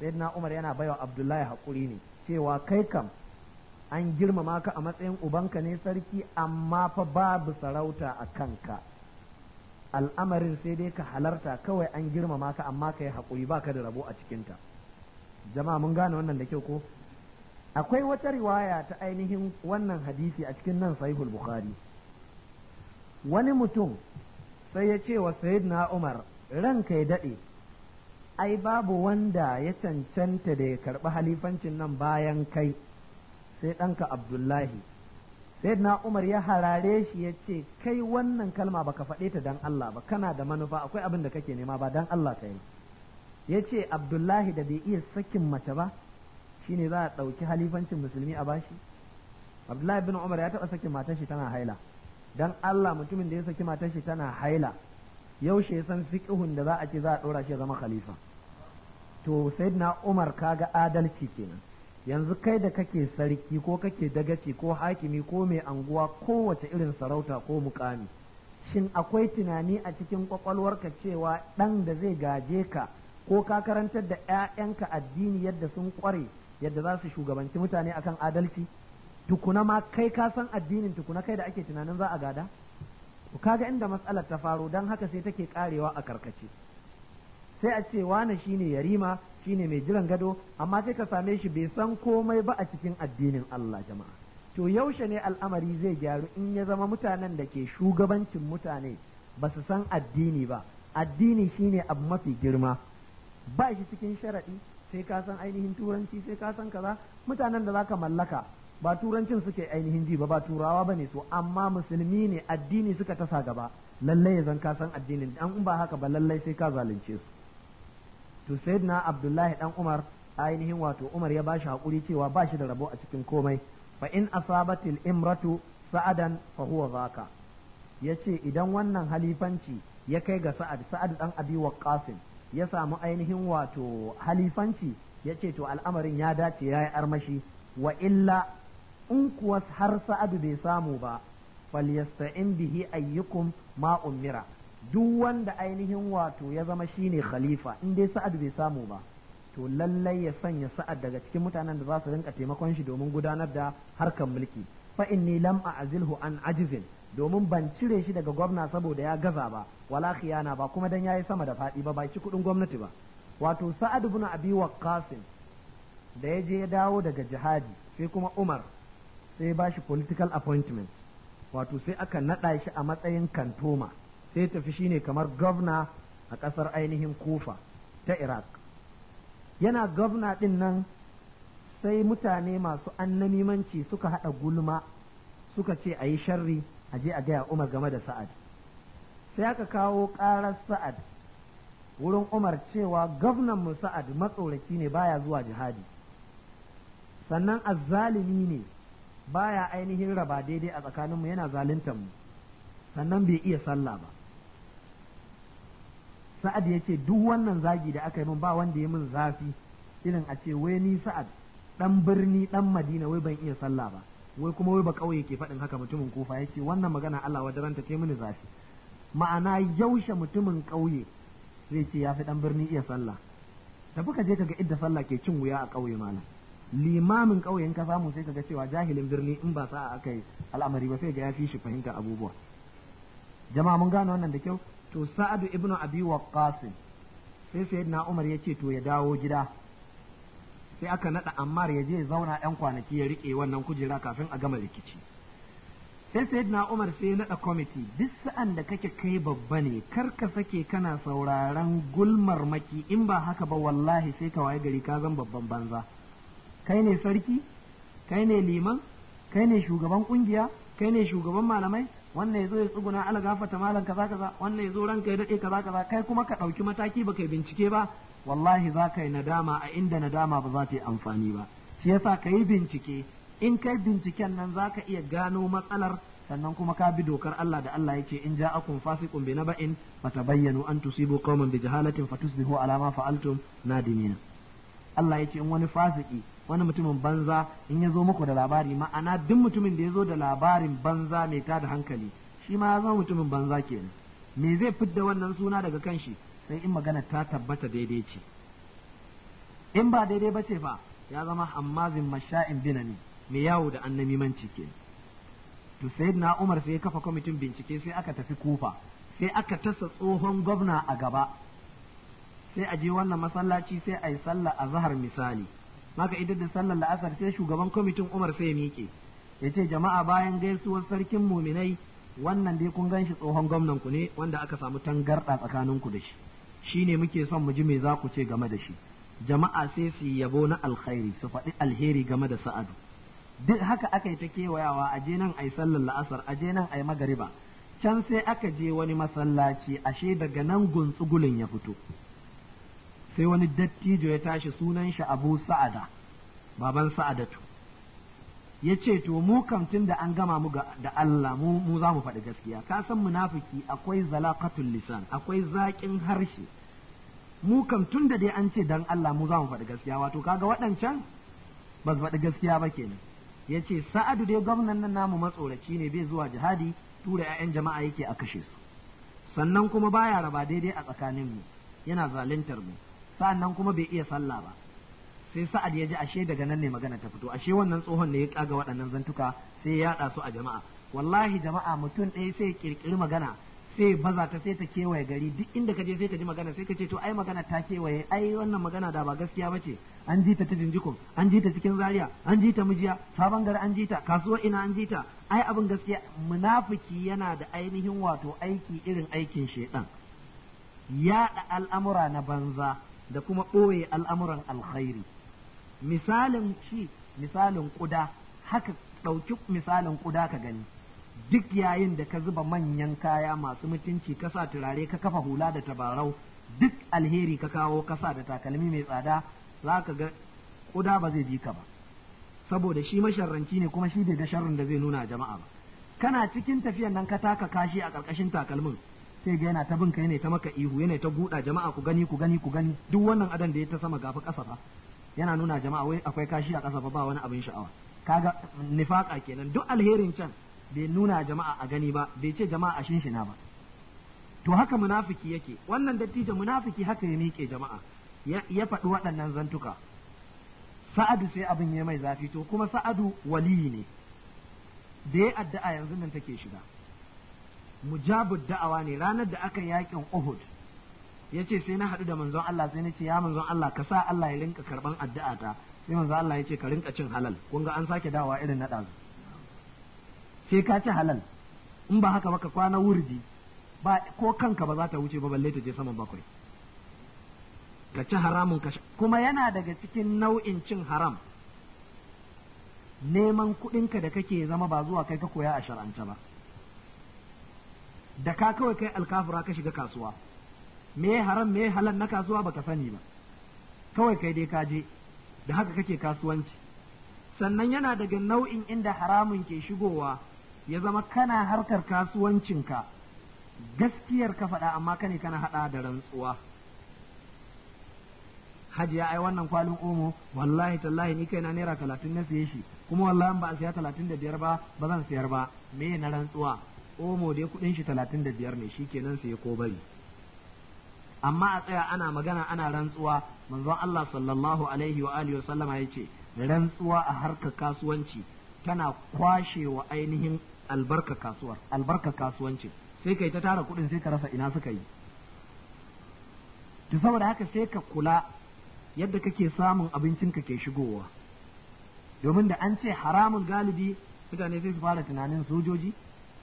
sayyidina umar yana baiwa abdullahi hakuri ne cewa kai kam an girmama ka a matsayin ubanka ne sarki amma fa babu sarauta a kanka al'amarin sai dai ka halarta kawai an girmama ka amma ka yi haƙuri ba ka da rabo a cikinta jama'a mun gane wannan da kyau ko akwai wata riwaya ta ainihin wannan hadisi a cikin nan sahihul bukhari wani mutum sai ya ce wa sayyidina umar ranka ya daɗe ai babu wanda ya cancanta da ya karɓi halifancin nan bayan kai sai ɗanka abdullahi sayyidina Umar ya harare shi ya ce kai wannan kalma baka faɗe ta dan Allah ba kana da manufa akwai abin da kake nema ba dan Allah ta ya ce Abdullahi da bai iya sakin mace ba shine za a ɗauki halifancin musulmi a bashi Abdullahi bin Umar ya taɓa sakin matar shi tana haila dan Allah mutumin da ya saki matar shi tana haila yaushe ya san fiqhun da za a ce za a ɗora shi ya zama khalifa to sayyidina Umar kaga adalci kenan yanzu kai da kake sarki ko kake dagaci ko hakimi ko mai anguwa kowace irin sarauta ko mukami shin akwai tunani a cikin kwakwalwarka cewa ɗan da zai gaje ka ko ka karantar da 'ya'yanka addini yadda sun ƙware yadda za su shugabanci mutane akan adalci tukuna ma kai ka san addinin tukuna kai da ake tunanin za a gada ku kaga inda matsalar ta faro don haka sai take karewa a karkace sai a ce wane shine yarima Shi ne mai jiran gado amma sai ka same shi bai san komai ba a cikin addinin Allah jama'a to yaushe ne al'amari zai gyaru in ya zama mutanen da ke shugabancin mutane ba su san addini ba addini shine abu mafi girma ba shi cikin sharaɗi sai ka san ainihin turanci sai ka san kaza mutanen da za ka mallaka ba turancin suke ainihin ji ba ba turawa ne so amma musulmi ne addini suka tasa gaba lallai ya zan ka san addinin an ba haka ba lallai sai ka zalunce su to sayyidina abdullahi dan umar ainihin wato umar ya bashi hakuri cewa bashi da rabo a cikin komai fa in asabatil imratu sa'adan fa huwa zaka yace idan wannan halifanci ya kai ga sa'ad sa'ad dan abi waqasim ya samu ainihin wato halifanci yace to al'amarin ya dace yayi armashi wa illa in kuwa har sa'ad bai samu ba falyasta'in bihi ayyukum ma umira duk wanda ainihin wato ya zama shine khalifa in dai sa'ad bai samu ba to lallai ya sanya sa'ad daga cikin mutanen da za su rinka taimakon shi domin gudanar da harkar mulki fa inni lam a'zilhu an ajizin domin ban cire shi daga gwamna saboda ya gaza ba wala khiyana ba kuma dan yayi sama da fadi ba baki kuɗin kudin gwamnati ba wato sa'ad ibn abi waqqas da ya je ya dawo daga jihadi sai kuma umar sai ya shi political appointment wato sai aka nada shi a matsayin kantoma sai tafi shine kamar gwamna a ƙasar ainihin kufa ta iraq yana gwamna ɗin nan sai mutane masu annamimanci suka haɗa gulma suka ce a yi sharri a je a gaya umar game da sa'ad sai aka kawo ƙarar sa'ad wurin umar cewa gwamnan mu sa'ad matsoraci ne baya zuwa jihadi sannan azzalimi ne baya ainihin raba daidai a tsakaninmu yana zaluntar sannan bai iya sallah ba sa'ad ya ce duk wannan zagi da aka yi min ba wanda ya min zafi irin a ce wai ni sa'ad ɗan birni ɗan madina wai ban iya sallah ba wai kuma wai ba kauye ke faɗin haka mutumin kofa ya ce wannan magana Allah wa daranta ce mini zafi ma'ana yaushe mutumin ƙauye zai ce ya fi ɗan birni iya sallah tafi ka je kaga idda sallah ke cin wuya a ƙauye malam limamin kauyen ka samu sai kaga cewa jahilin birni in ba sa'a aka yi al'amari ba sai ga ya fi shi fahimtar abubuwa jama'a mun gane wannan da kyau to sa'adu ibn abi waqqas sai sayyidina umar ya ce to ya dawo gida sai aka nada ammar ya je zauna yan kwanaki ya rike wannan kujera kafin a gama rikici sai sayyidina umar sai ya nada kwamiti duk sa'an da kake kai babba ne kar ka sake kana sauraron gulmar maki in ba haka ba wallahi sai ka waye gari ka zan babban banza kai ne sarki kai ne liman kai ne shugaban kungiya kai ne shugaban malamai wannan yazo ya tsuguna ala gafata malan kaza kaza wannan yazo ranka ya dade kaza kaza kai kuma ka dauki mataki baka yi bincike ba wallahi za ka yi nadama a inda nadama ba za ta yi amfani ba shi yasa ka yi bincike in kai binciken nan za ka iya gano matsalar sannan kuma ka bi dokar Allah da Allah yake in ja'akum fasiqun bi naba'in fatabayyanu an tusibu qauman bi jahalatin fatusbihu ala ma fa'altum nadimina Allah yake in wani fasiki wani mutumin banza in ya zo muku da labari ma'ana duk mutumin da ya zo da labarin banza mai tada hankali shi ma ya zama mutumin banza kenan me zai fidda wannan suna daga kan shi sai in magana ta tabbata daidai ce in ba daidai ba ce fa ya zama hammazin masha'in binani mai yawo da annamimanci ke to na Umar sai ya kafa kwamitin bincike sai aka tafi kufa sai aka tasa tsohon gwamna a gaba sai a je wannan masallaci sai a yi sallah a zahar misali maka idan da sallar la'asar sai shugaban kwamitin umar sai ya miƙe ya ce jama'a bayan gaisuwar sarkin muminai wannan dai kun ganshi tsohon gwamnan ku ne wanda aka samu tangarɗa tsakanin ku da shi Shi ne muke son mu ji me za ku ce game da shi jama'a sai su yabo na alkhairi su faɗi alheri game da sa'adu duk haka aka yi ta kewayawa a je nan ai sallar la'asar a je nan ai magariba can sai aka je wani masallaci ashe daga nan guntsugulin ya fito sai wani dattijo ya tashi sunan shi abu sa'ada baban sa'adatu ya ce to mu kamtin da an gama mu da Allah mu za mu faɗi gaskiya ka san munafiki akwai zalaqatul lisan akwai zaƙin harshe mu kamtun da dai an ce dan Allah mu za mu faɗi gaskiya wato kaga waɗancan ba su faɗi gaskiya ba kenan ya ce sa'adu dai gwamnan nan namu matsoraci ne bai zuwa jihadi tura 'ya'yan jama'a yake a kashe su sannan kuma baya raba daidai a tsakanin mu yana zaluntar mu nan kuma bai iya sallah ba sai sa'ad ya ji ashe daga nan ne magana ta fito ashe wannan tsohon ne ya kaga waɗannan zantuka sai ya yaɗa su a jama'a wallahi jama'a mutum ɗaya sai kirkiri magana sai baza ta sai ta kewaye gari duk inda ka je sai ka ji magana sai ka ce to ai magana ta kewaye ai wannan magana da ba gaskiya bace an ji ta ta jinjikun an ji ta cikin zaria an ji ta mijiya sabon gari an ji ta kasuwar ina an ji ta ai abin gaskiya munafiki yana da ainihin wato aiki irin aikin shedan yaɗa al'amura na banza da kuma ɓoye al'amuran alkhairi misalin shi misalin ƙuda haka ɗauki misalin ƙuda ka gani duk yayin da ka zuba manyan kaya masu mutunci ka sa turare ka kafa hula da tabarau duk alheri ka kawo ka sa da takalmi mai tsada za ka ga ƙuda ba zai bi ka ba saboda shi masharranci ne kuma shi bai da sharrin da zai nuna jama'a ba kana cikin tafiyan nan ka taka kashi a ƙarƙashin takalmin sai ga yana ta bin kai ne ta maka ihu yana ta guda jama'a ku gani ku gani ku gani duk wannan adan da ya ta sama gafi kasa ba yana nuna jama'a wai akwai kashi a kasa ba wani abin sha'awa kaga nifaka kenan duk alherin can bai nuna jama'a a gani ba bai ce jama'a a shinshina ba to haka munafiki yake wannan dattijo munafiki haka ya miƙe jama'a ya faɗi waɗannan zantuka sa'adu sai abin ya mai zafi to kuma sa'adu waliyi ne da ya addu'a yanzu nan take shiga mujabud da'awa ne ranar da aka yakin Uhud yace sai na haɗu da manzon Allah sai nace ya manzon Allah ka sa Allah ya rinka karban addu'a ta sai manzon Allah yace ka rinka cin halal kun ga an sake dawowa irin na ɗazu sai ka ci halal in ba haka ba ka kwana wurdi ba ko kanka ba za ta wuce ba balle ta je saman bakwai ka ci haramun ka kuma yana daga cikin nau'in cin haram neman kuɗinka da kake zama ba zuwa kai ka koya a shar'anta ba da ka kawai kai alkafura ka shiga kasuwa me haram me halal na kasuwa baka sani ba kawai kai dai ka je da haka kake kasuwanci sannan yana daga nau'in inda haramun ke shigowa ya zama kana harkar kasuwancinka gaskiyar ka faɗa amma ka ne kana haɗa da rantsuwa hajiya ai wannan kwalin omo wallahi tallahi ni kai na naira talatin na siye shi kuma wallahi ba a siya talatin da biyar ba ba zan siyar ba me na rantsuwa omo dai kudin shi talatin da biyar ne shikenan sai ko bari amma a tsaya ana magana ana rantsuwa manzon Allah sallallahu alaihi wa alihi sallama yace rantsuwa a harkar kasuwanci tana kwashe wa ainihin albarka kasuwar albarka kasuwanci sai kai ta tara kudin sai ka rasa ina suka yi to saboda haka sai ka kula yadda kake samun abincinka ke shigowa domin da an ce haramun galibi mutane sai su fara tunanin sojoji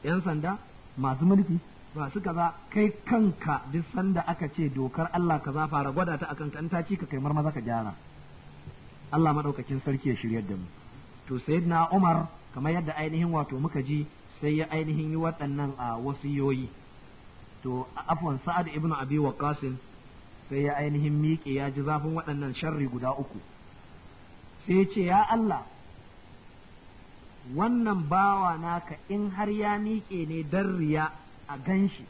yan sanda masu mulki ba suka za kai kanka duk sanda aka ce dokar Allah za fara gwada ta akan kan ta ci ka kai marmaza ka gyara Allah madaukakin sarki ya shiryar da mu to sayyidina Umar kamar yadda ainihin wato muka ji sai ya ainihin yi waɗannan a wasiyoyi to afwan Sa'ad ibn Abi Waqqas sai ya ainihin miƙe ya ji zafin waɗannan sharri guda uku sai ya ce ya Allah wannan bawa naka in har ya miƙe ne dan riya a gan shi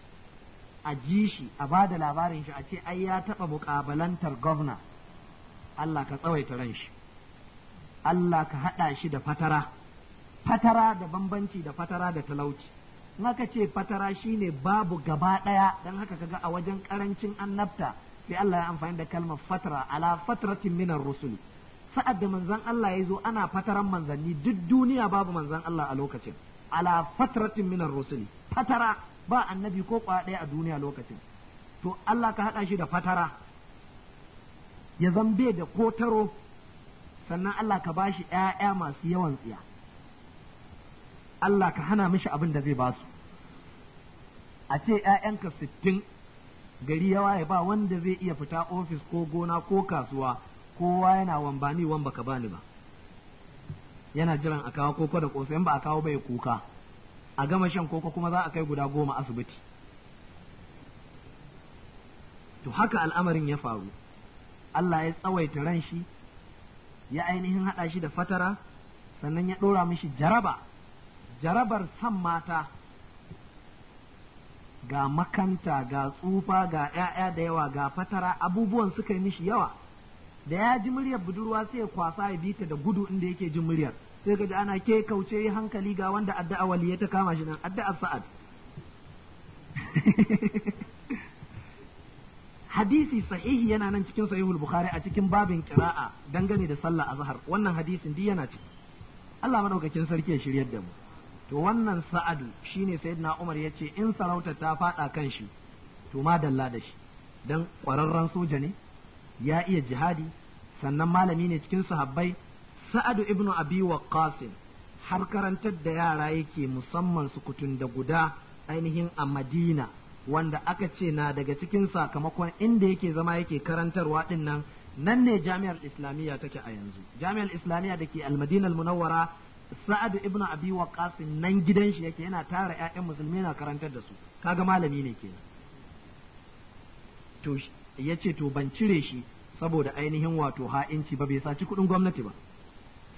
a ji shi a ba da labarin shi a ce ai ya taɓa muƙabalantar gwamna Allah ka tsawaita ran shi Allah ka haɗa shi da fatara fatara da bambanci da fatara da talauci in aka ce fatara shine babu gaba ɗaya don haka kaga a wajen ƙarancin annabta sai Allah ya amfani da kalmar fatara ala fatratin minar rusuli sa'ad da manzan Allah ya zo ana fataran manzanni duk duniya babu manzan Allah a lokacin ala fataratin minar rusuli fatara ba annabi ko kwa ɗaya a duniya lokacin to Allah ka haɗa shi da fatara ya zambe da kotaro sannan Allah ka ba shi ‘ya'ya masu yawan tsiya Allah ka hana mishi abin da zai ba su a ce ‘ya'yanka sittin gari yawa ya ba wanda zai iya fita ofis ko gona ko kasuwa kowa yana wamba ni wamba ka bani ba yana jiran a kawo koko da kosai in ba a kawo bai kuka a gama shan koko kuma za a kai guda goma asibiti to haka al'amarin ya faru Allah ya tsawaita ran shi ya ainihin haɗa shi da fatara sannan ya ɗora mishi jaraba jarabar san mata ga makanta ga tsufa ga ‘ya'ya da yawa ga fatara abubuwan suka yi mishi yawa da ya ji muryar budurwa sai ya kwasa ya bita da gudu inda yake jin muryar sai ga ana ke kauce hankali ga wanda addu'a wali ya ta kama shi nan addu'a sa'ad hadisi sahihi yana nan cikin sahihul bukhari a cikin babin kira'a dangane da sallah azhar wannan hadisin din yana ciki Allah madaukakin sarki ya shiryar da mu to wannan sa'adu shine sayyidina Umar yace in sarauta ta fada kan shi to ma dalla da shi dan ƙwararren soja ne ya iya jihadi sannan malami ne cikin sahabbai sa'adu ibnu abi Qasim har karantar da yara yake musamman sukutun da guda ainihin a madina wanda aka ce na daga cikin sakamakon inda yake zama yake karantarwa din nan nan ne jami'ar islamiyya take a yanzu jami'ar islamiyya da ke almadina munawwara sa'adu ibnu abi Qasim nan gidan shi yake yana tara ƴaƴan musulmi yana karantar da su kaga malami ne kenan to ya ce to ban cire shi saboda ainihin wato ha'inci ba bai saci kuɗin gwamnati ba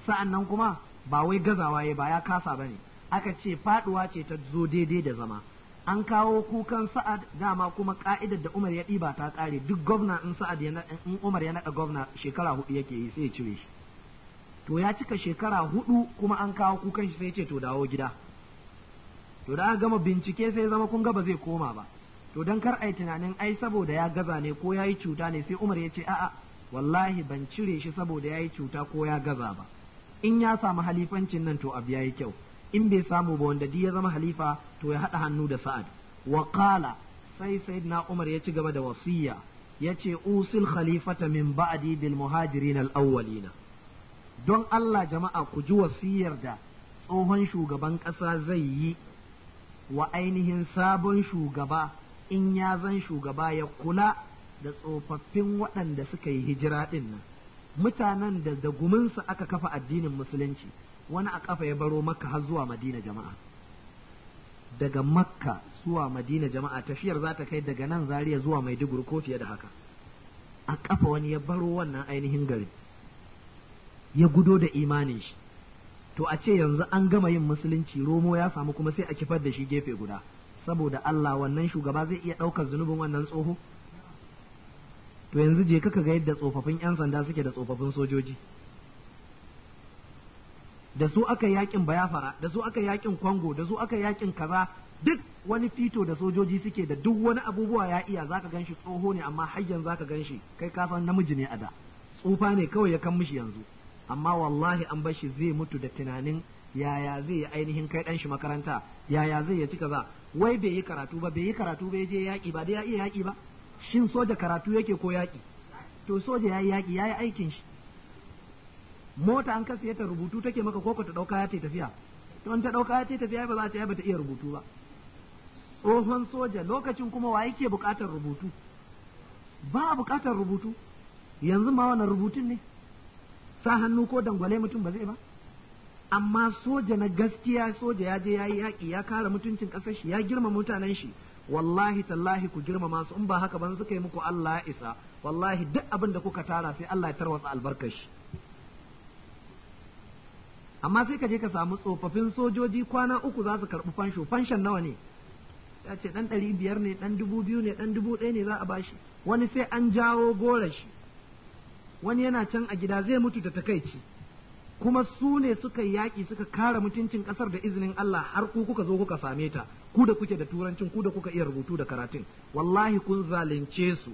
sa'an nan kuma ba wai gazawa ya ba ya kasa ba ne aka ce faɗuwa ce ta zo daidai da zama an kawo kukan sa'ad dama kuma ka'idar da Umar ya ɗiba ta ƙare duk gwamna in sa'ad ya in Umar ya naɗa gwamna shekara hudu yake yi sai ya cire shi to ya cika shekara hudu kuma an kawo kukan shi sai ce to dawo gida to da aka gama bincike sai zama kun ga ba zai koma ba to dan kar ai tunanin ai saboda ya gaza ne ko yayi cuta ne sai Umar ya ce a'a wallahi ban cire shi saboda yayi cuta ko ya gaza ba in ya samu halifancin nan to abu yayi kyau in bai samu ba wanda ya zama halifa to ya haɗa hannu da sa'ad wa qala sai sayyidina Umar ya ci gaba da wasiya yace usil khalifata min ba'di bil muhajirin al awwalina don Allah jama'a ku ji wasiyar da tsohon shugaban ƙasa zai yi wa ainihin sabon shugaba in ya zan shugaba ya kula da tsofaffin waɗanda suka yi hijira ɗin nan mutanen da da guminsu aka kafa addinin musulunci wani a kafa ya baro makka har zuwa madina jama'a daga makka zuwa madina jama'a tafiyar za ta kai daga nan Zariya zuwa maiduguri ko fiye da haka a kafa wani ya baro wannan ainihin gari ya gudo da imanin shi to a ce yanzu an gama yin musulunci romo ya samu kuma sai a kifar da shi gefe guda saboda Allah wannan shugaba zai iya ɗaukar zunubin wannan tsoho to yanzu je kaka ga yadda tsofaffin 'yan sanda suke da tsofaffin sojoji da su aka yakin bayafara da su aka yakin kwango da su aka yakin kaza duk wani fito da sojoji suke da duk wani abubuwa ya iya zaka ganshi tsoho ne amma za zaka ganshi kai ka namiji ne a da tsufa ne kawai ya kan mishi yanzu amma wallahi an bar zai mutu da tunanin yaya zai yi ainihin kai dan shi makaranta yaya zai ya ci kaza wai bai yi karatu ba bai yi karatu bai je yaƙi ba da ya iya yaƙi ba shin soja karatu yake ko yaƙi to soja ya yi yaƙi ya yi aikin shi mota an kasa ta rubutu take maka koko ta ɗauka ya tafiya to in ta ɗauka ya tafiya ba za ta yi ba ta iya rubutu ba tsohon soja lokacin kuma wa yake buƙatar rubutu ba a buƙatar rubutu yanzu ma wannan rubutun ne sa hannu ko dangwale mutum ba zai ba amma soja na gaskiya soja ya je ya yi yaƙi ya kare mutuncin ƙasar shi ya girma mutanen shi wallahi tallahi ku girmama su in ba haka ban suka yi muku Allah ya isa wallahi duk abin da kuka tara sai Allah ya tarwatsa albarkar shi amma sai ka je ka samu tsofaffin sojoji kwana uku za su karɓi fansho fanshon nawa ne ya ce ɗan ɗari biyar ne ɗan dubu biyu ne ɗan dubu ɗaya ne za a bashi wani sai an jawo gora shi wani yana can a gida zai mutu da takaici kuma su ne suka yi yaƙi suka kare mutuncin ƙasar da izinin Allah har ku kuka zo kuka same ta ku da kuke da turancin ku da kuka iya rubutu da karatun wallahi kun zalunce su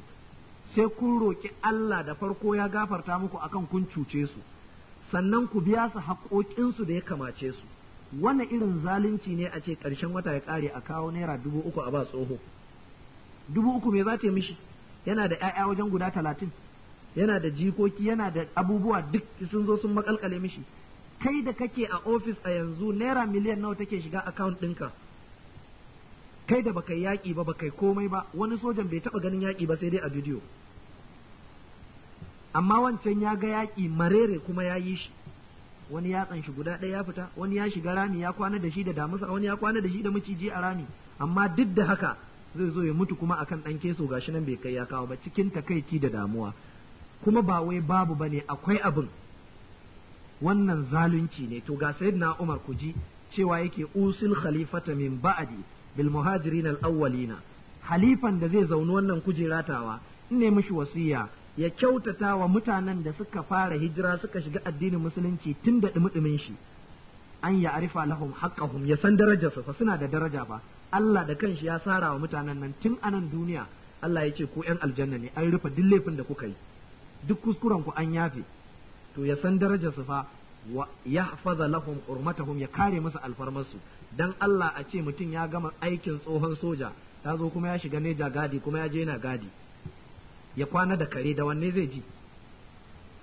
sai kun roƙi Allah da farko ya gafarta muku akan kun cuce su sannan ku biya su haƙoƙinsu da ya kamace su wannan irin zalunci ne a ce ƙarshen wata ya ƙare a kawo naira dubu uku a ba tsoho dubu uku me za ta mishi yana da 'ya'ya wajen guda talatin yana da jikoki yana da abubuwa duk sun zo sun makalkale mishi kai da kake a ofis a yanzu naira miliyan nawa take shiga account ɗinka kai da baka yaƙi ba baka komai ba wani sojan bai taɓa ganin yaƙi ba sai dai a bidiyo amma wancan ya ga yaƙi marere kuma ya yi shi wani ya shi guda ɗaya ya fita wani ya shiga rami ya kwana da shi da damusa wani ya kwana da shi da maciji a rami amma duk da haka zai zo ya mutu kuma akan ɗan keso gashi nan bai kai ya kawo ba cikin takaici da damuwa kuma ba wai babu bane akwai abin wannan zalunci ne to ga sayyidina Umar ku ji cewa yake usil khalifata min ba'di bil muhajirin al awwalina halifan da zai zauni wannan kujeratawa in ne mishi wasiya ya kyautata wa mutanen da suka fara hijira suka shiga addinin musulunci tun da dumudumin shi an ya arifa lahum haqqahum ya san darajarsa fa suna da daraja ba Allah da kanshi ya sarawa mutanen nan tun anan duniya Allah ya ce ko 'yan aljanna ne an rufe duk laifin da kuka yi duk kuskuren ku an yafe to ya san darajar su fa wa yahfaza lahum urmatahum ya kare musu alfarmarsu dan Allah a ce mutum ya gama aikin tsohon soja ta zo kuma ya shiga neja gadi kuma ya je yana gadi ya kwana da kare da wanne zai ji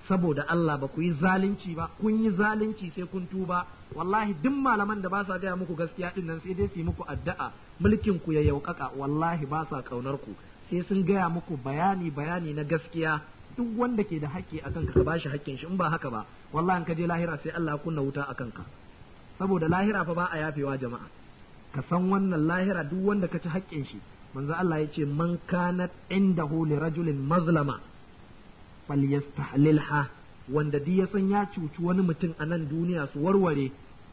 saboda Allah ba ku yi zalunci ba kun yi zalunci sai kun tuba wallahi duk malaman da ba sa gaya muku gaskiya din nan sai dai su muku addu'a mulkin ku ya yaukaka wallahi ba sa kaunar ku sai sun gaya muku bayani bayani na gaskiya duk wanda ke da haƙƙi akan ka ka bashi haƙƙin shi in ba haka ba wallahi ka je lahira sai Allah ya kunna wuta akan ka saboda lahira fa ba a yafewa jama'a ka san wannan lahira duk wanda ka ci haƙƙin shi manzo Allah ya ce man kanat indahu li rajulin mazlama falyastahlilha wanda duk ya san ya cuci wani mutum a nan duniya su warware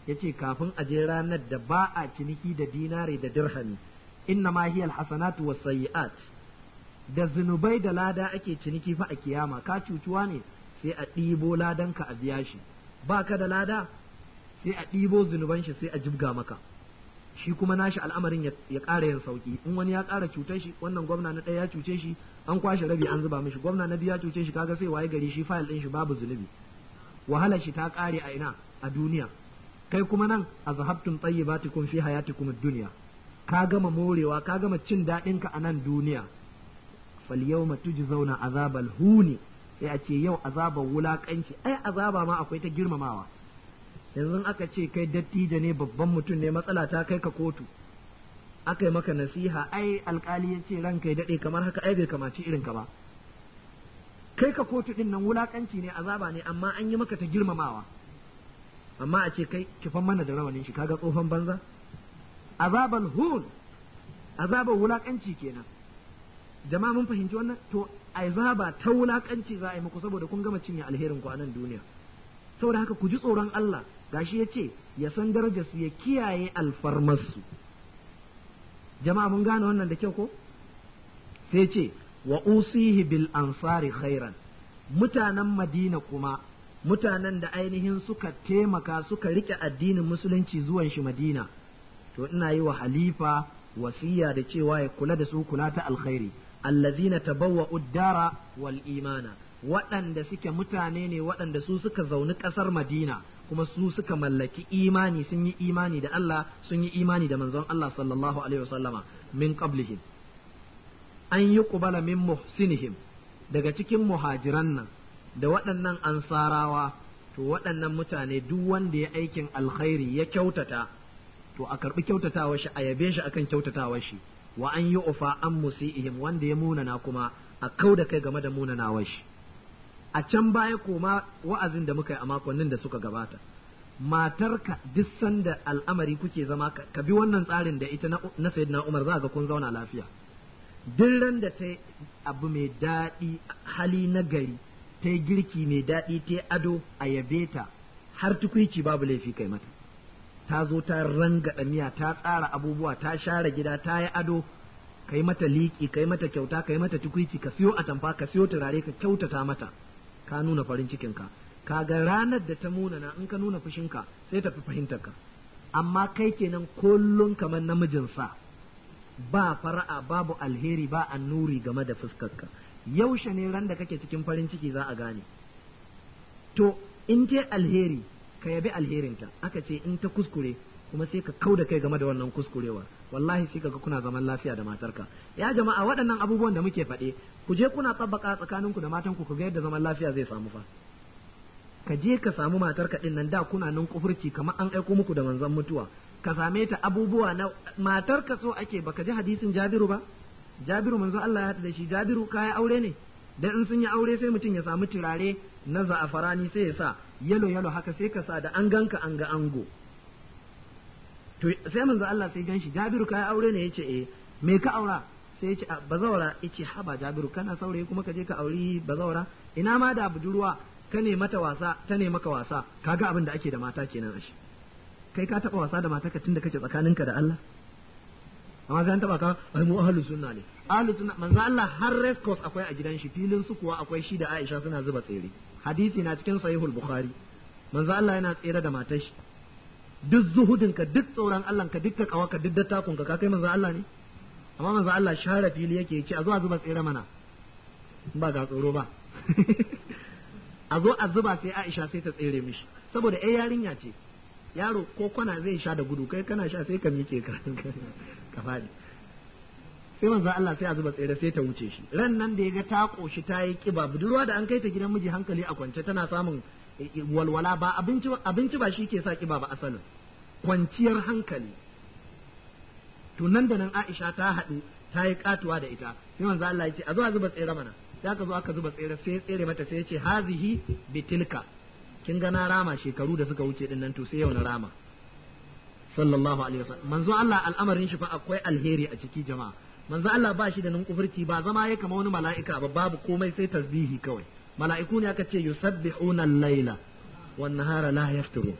yace kafin a je ranar da ba a ciniki da dinare da dirhami inna ma hiya alhasanatu was da zunubai da lada ake ciniki fa a kiyama ka cutuwa ne sai a ɗibo ladanka a biya shi ba ka da lada sai a ɗibo zunuban shi sai a jibga maka shi kuma nashi al'amarin ya ƙara yin sauki in wani ya ƙara cutar shi wannan gwamna na ɗaya ya cuce shi an kwashe rabi an zuba mishi gwamna na biyu ya cuce shi kaga sai waye gari shi fayil ɗin shi babu zunubi wahala shi ta ƙare a ina a duniya kai kuma nan a zahabtun ta kun fi hayatikum kuma duniya ka gama morewa ka gama cin daɗinka a nan duniya fal yawma tujzauna azabal huni sai a ce yau azabar wulakanci ai azaba ma akwai ta girmamawa yanzu aka ce kai dattijo ne babban mutum ne matsala ta kai ka kotu aka yi maka nasiha ai alkali ya ce ranka ya daɗe kamar haka ai bai kamaci irin ka ba kai ka kotu din nan wulakanci ne azaba ne amma an yi maka ta girmamawa amma a ce kai kifan mana da rawanin shi kaga tsohon banza azabal hun azabar wulakanci kenan jama'a mun fahimci wannan to za ba ta wulakanci za a yi muku saboda kun gama cinye alherin ku a nan duniya saboda haka ku ji tsoron Allah shi ya ce ya san darajarsu ya kiyaye alfarmarsu jama'a mun gane wannan da kyau ko sai ce wa usihi bil ansari khairan mutanen madina kuma mutanen da ainihin suka taimaka suka rike addinin musulunci zuwan shi madina to ina yi wa halifa wasiya da cewa ya kula da su kula ta alkhairi allazina tabawwa'u dara wal imana waɗanda suke mutane ne waɗanda su suka zauni ƙasar Madina kuma su suka mallaki imani sun yi imani da Allah sun yi imani da manzon Allah sallallahu alaihi wasallama min qablihim an yi kubala min muhsinihim daga cikin muhajiran nan da waɗannan ansarawa to waɗannan mutane duk wanda ya aikin alkhairi ya kyautata to a karɓi kyautatawar shi a yabe shi akan kyautatawar shi wa an yi ufa an musi'ihim wanda ya munana kuma a kau da kai game da munana munanawar shi a can baya koma wa'azin da muka yi a makonnin da suka gabata matarka duk sanda al'amari kuke zama ka bi wannan tsarin da ita na sayyidina Umar za ga kun zauna lafiya duk ran da ta abu mai daɗi hali na gari ta girki mai daɗi ta ado a yabe ta har tukwici babu laifi kai mata ta zo ta ranga miya ta tsara abubuwa ta share gida ta yi ado kai mata liƙi kai mata kyauta kai mata tukwici ka siyo atamfa ka siyo turare ka kyautata mata ka nuna farin cikinka ka ga ranar da ta munana in ka nuna fushinka sai ta fi fahimtarka amma kai kenan kullun kamar namijin sa ba fara'a babu alheri ba annuri game da fuskar ka yaushe ne ran da kake cikin farin ciki za a gane to in ke alheri ka yabi alherinta aka ce in ta kuskure kuma sai ka kau da kai game da wannan kuskurewa wallahi sai kaga kuna zaman lafiya da matarka ya jama'a waɗannan abubuwan da muke faɗe ku je kuna tsabbaka tsakaninku da matanku ku ga yadda zaman lafiya zai samu fa ka je ka samu matarka din nan da kuna nan kufurci kamar an aiko muku da manzon mutuwa ka same ta abubuwa na matarka so ake baka ji hadisin Jabiru ba Jabiru manzo Allah ya hada da shi Jabiru kai aure ne dan in sun yi aure sai mutum ya samu turare na za'afarani sai ya sa yalo yalo haka sai ka sa da an ganka an ga ango to sai manzo Allah sai ganshi Jabiru kai aure ne yace eh me ka aura sai yace ah, bazawara yace ha ba Jabiru kana saurayi kuma ka je ka auri bazawara ina ma da budurwa ka ne mata wasa ta ne maka wasa kaga abin da ake da mata kenan ashi kai ka taba wasa da mata ka tunda kake tsakaninka da Allah amma sai an taba ka ai mu ahlus sunna ne ahlus sunna manzo Allah har race course akwai a gidan shi filin su kuwa akwai shi da Aisha suna zuba tsere hadisi na cikin sahihul bukhari manzo Allah yana tsere da matar shi duk zuhudin ka duk tsoron Allah ka duk kawa ka duk dattakun ka ka kai manzo Allah ne amma manzo Allah share fili yake ce a zo a zuba tsere mana ba ga tsoro ba a zo a zuba sai Aisha sai ta tsere mishi saboda ai yarinya ce yaro ko kwana zai sha da gudu kai kana sha sai ka mike ka ka fadi sai manzo Allah sai a zuba tsere sai ta wuce shi ran nan da ya ga ta koshi ta yi kiba budurwa da an kai ta gidan miji hankali a kwance tana samun e, e, walwala ba abinci abinci ba shi ke sa kiba ba asalin kwanciyar hankali to nan da nan Aisha ta haɗu ta yi katuwa da ita sai manzo Allah ya ce a zo a zuba tsere mana sai aka zo aka zuba tsere sai tsere mata sai ya ce hazihi bitilka kin ga na rama shekaru da suka wuce din nan to sai yau na rama sallallahu alaihi wasallam manzo Allah al'amarin shi fa akwai alheri a ciki jama'a manzo Allah ba shi da nan kufurci ba zama ya kama wani mala'ika ba babu komai sai tasbihi kawai mala'iku ne aka ce yusabbihuna al-laila wan nahara la yaftiru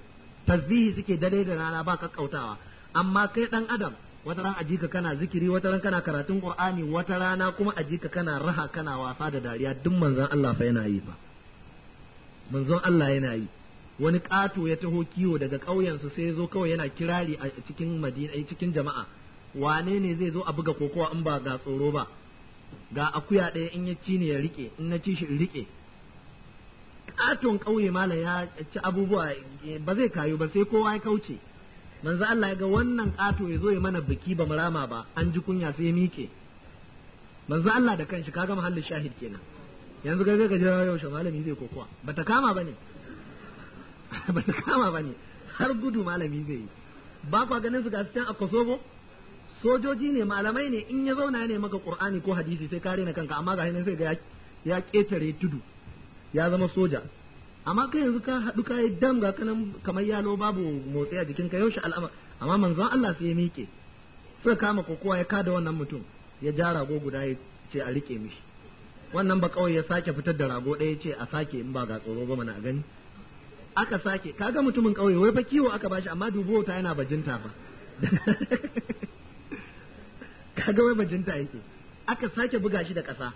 tasbihi suke dare da rana ba kakkautawa amma kai dan adam wata ran ajika kana zikiri wata ran kana karatun qur'ani wata rana kuma ajika kana raha kana wasa da dariya duk manzon Allah fa yana yi fa manzon Allah yana yi wani kato ya taho kiwo daga su sai ya zo kawai yana kirari a cikin madina cikin jama'a wane ne zai zo a buga kokowa in ba ga tsoro ba ga akuya ɗaya in ya ci ne ya rike in na ci shi in rike katon ƙauye mala ya ci abubuwa ba zai kayu ba sai kowa ya kauce manzo Allah ya ga wannan kato ya zo ya mana biki ba murama ba an ji kunya sai ya miƙe manzo Allah da kanshi kaga mahallin shahid kenan yanzu ga ga jira yau malami zai kokowa bata kama bane bata kama bane har gudu malami zai yi ba kwa ganin su ga su can a Kosovo sojoji ne malamai ne in ya zauna ne maka qur'ani ko hadisi sai kare na kanka amma ga sai ga ya ketare tudu ya zama soja amma kai yanzu ka haɗu ka yi dam ga kanan kamar yalo babu motsi a jikin ka yaushe al'amar amma manzon Allah sai ya miƙe sai kama kokowa ya kada wannan mutum ya ja rago guda ya ce a rike mishi wannan ba kawai ya sake fitar da rago ɗaya ce a sake in ba ga tsoro ba mana a gani aka sake kaga mutumin ƙauye wai fa kiwo aka bashi amma dubo ta yana bajinta ba. kaga wai bajinta yake aka sake buga shi da ƙasa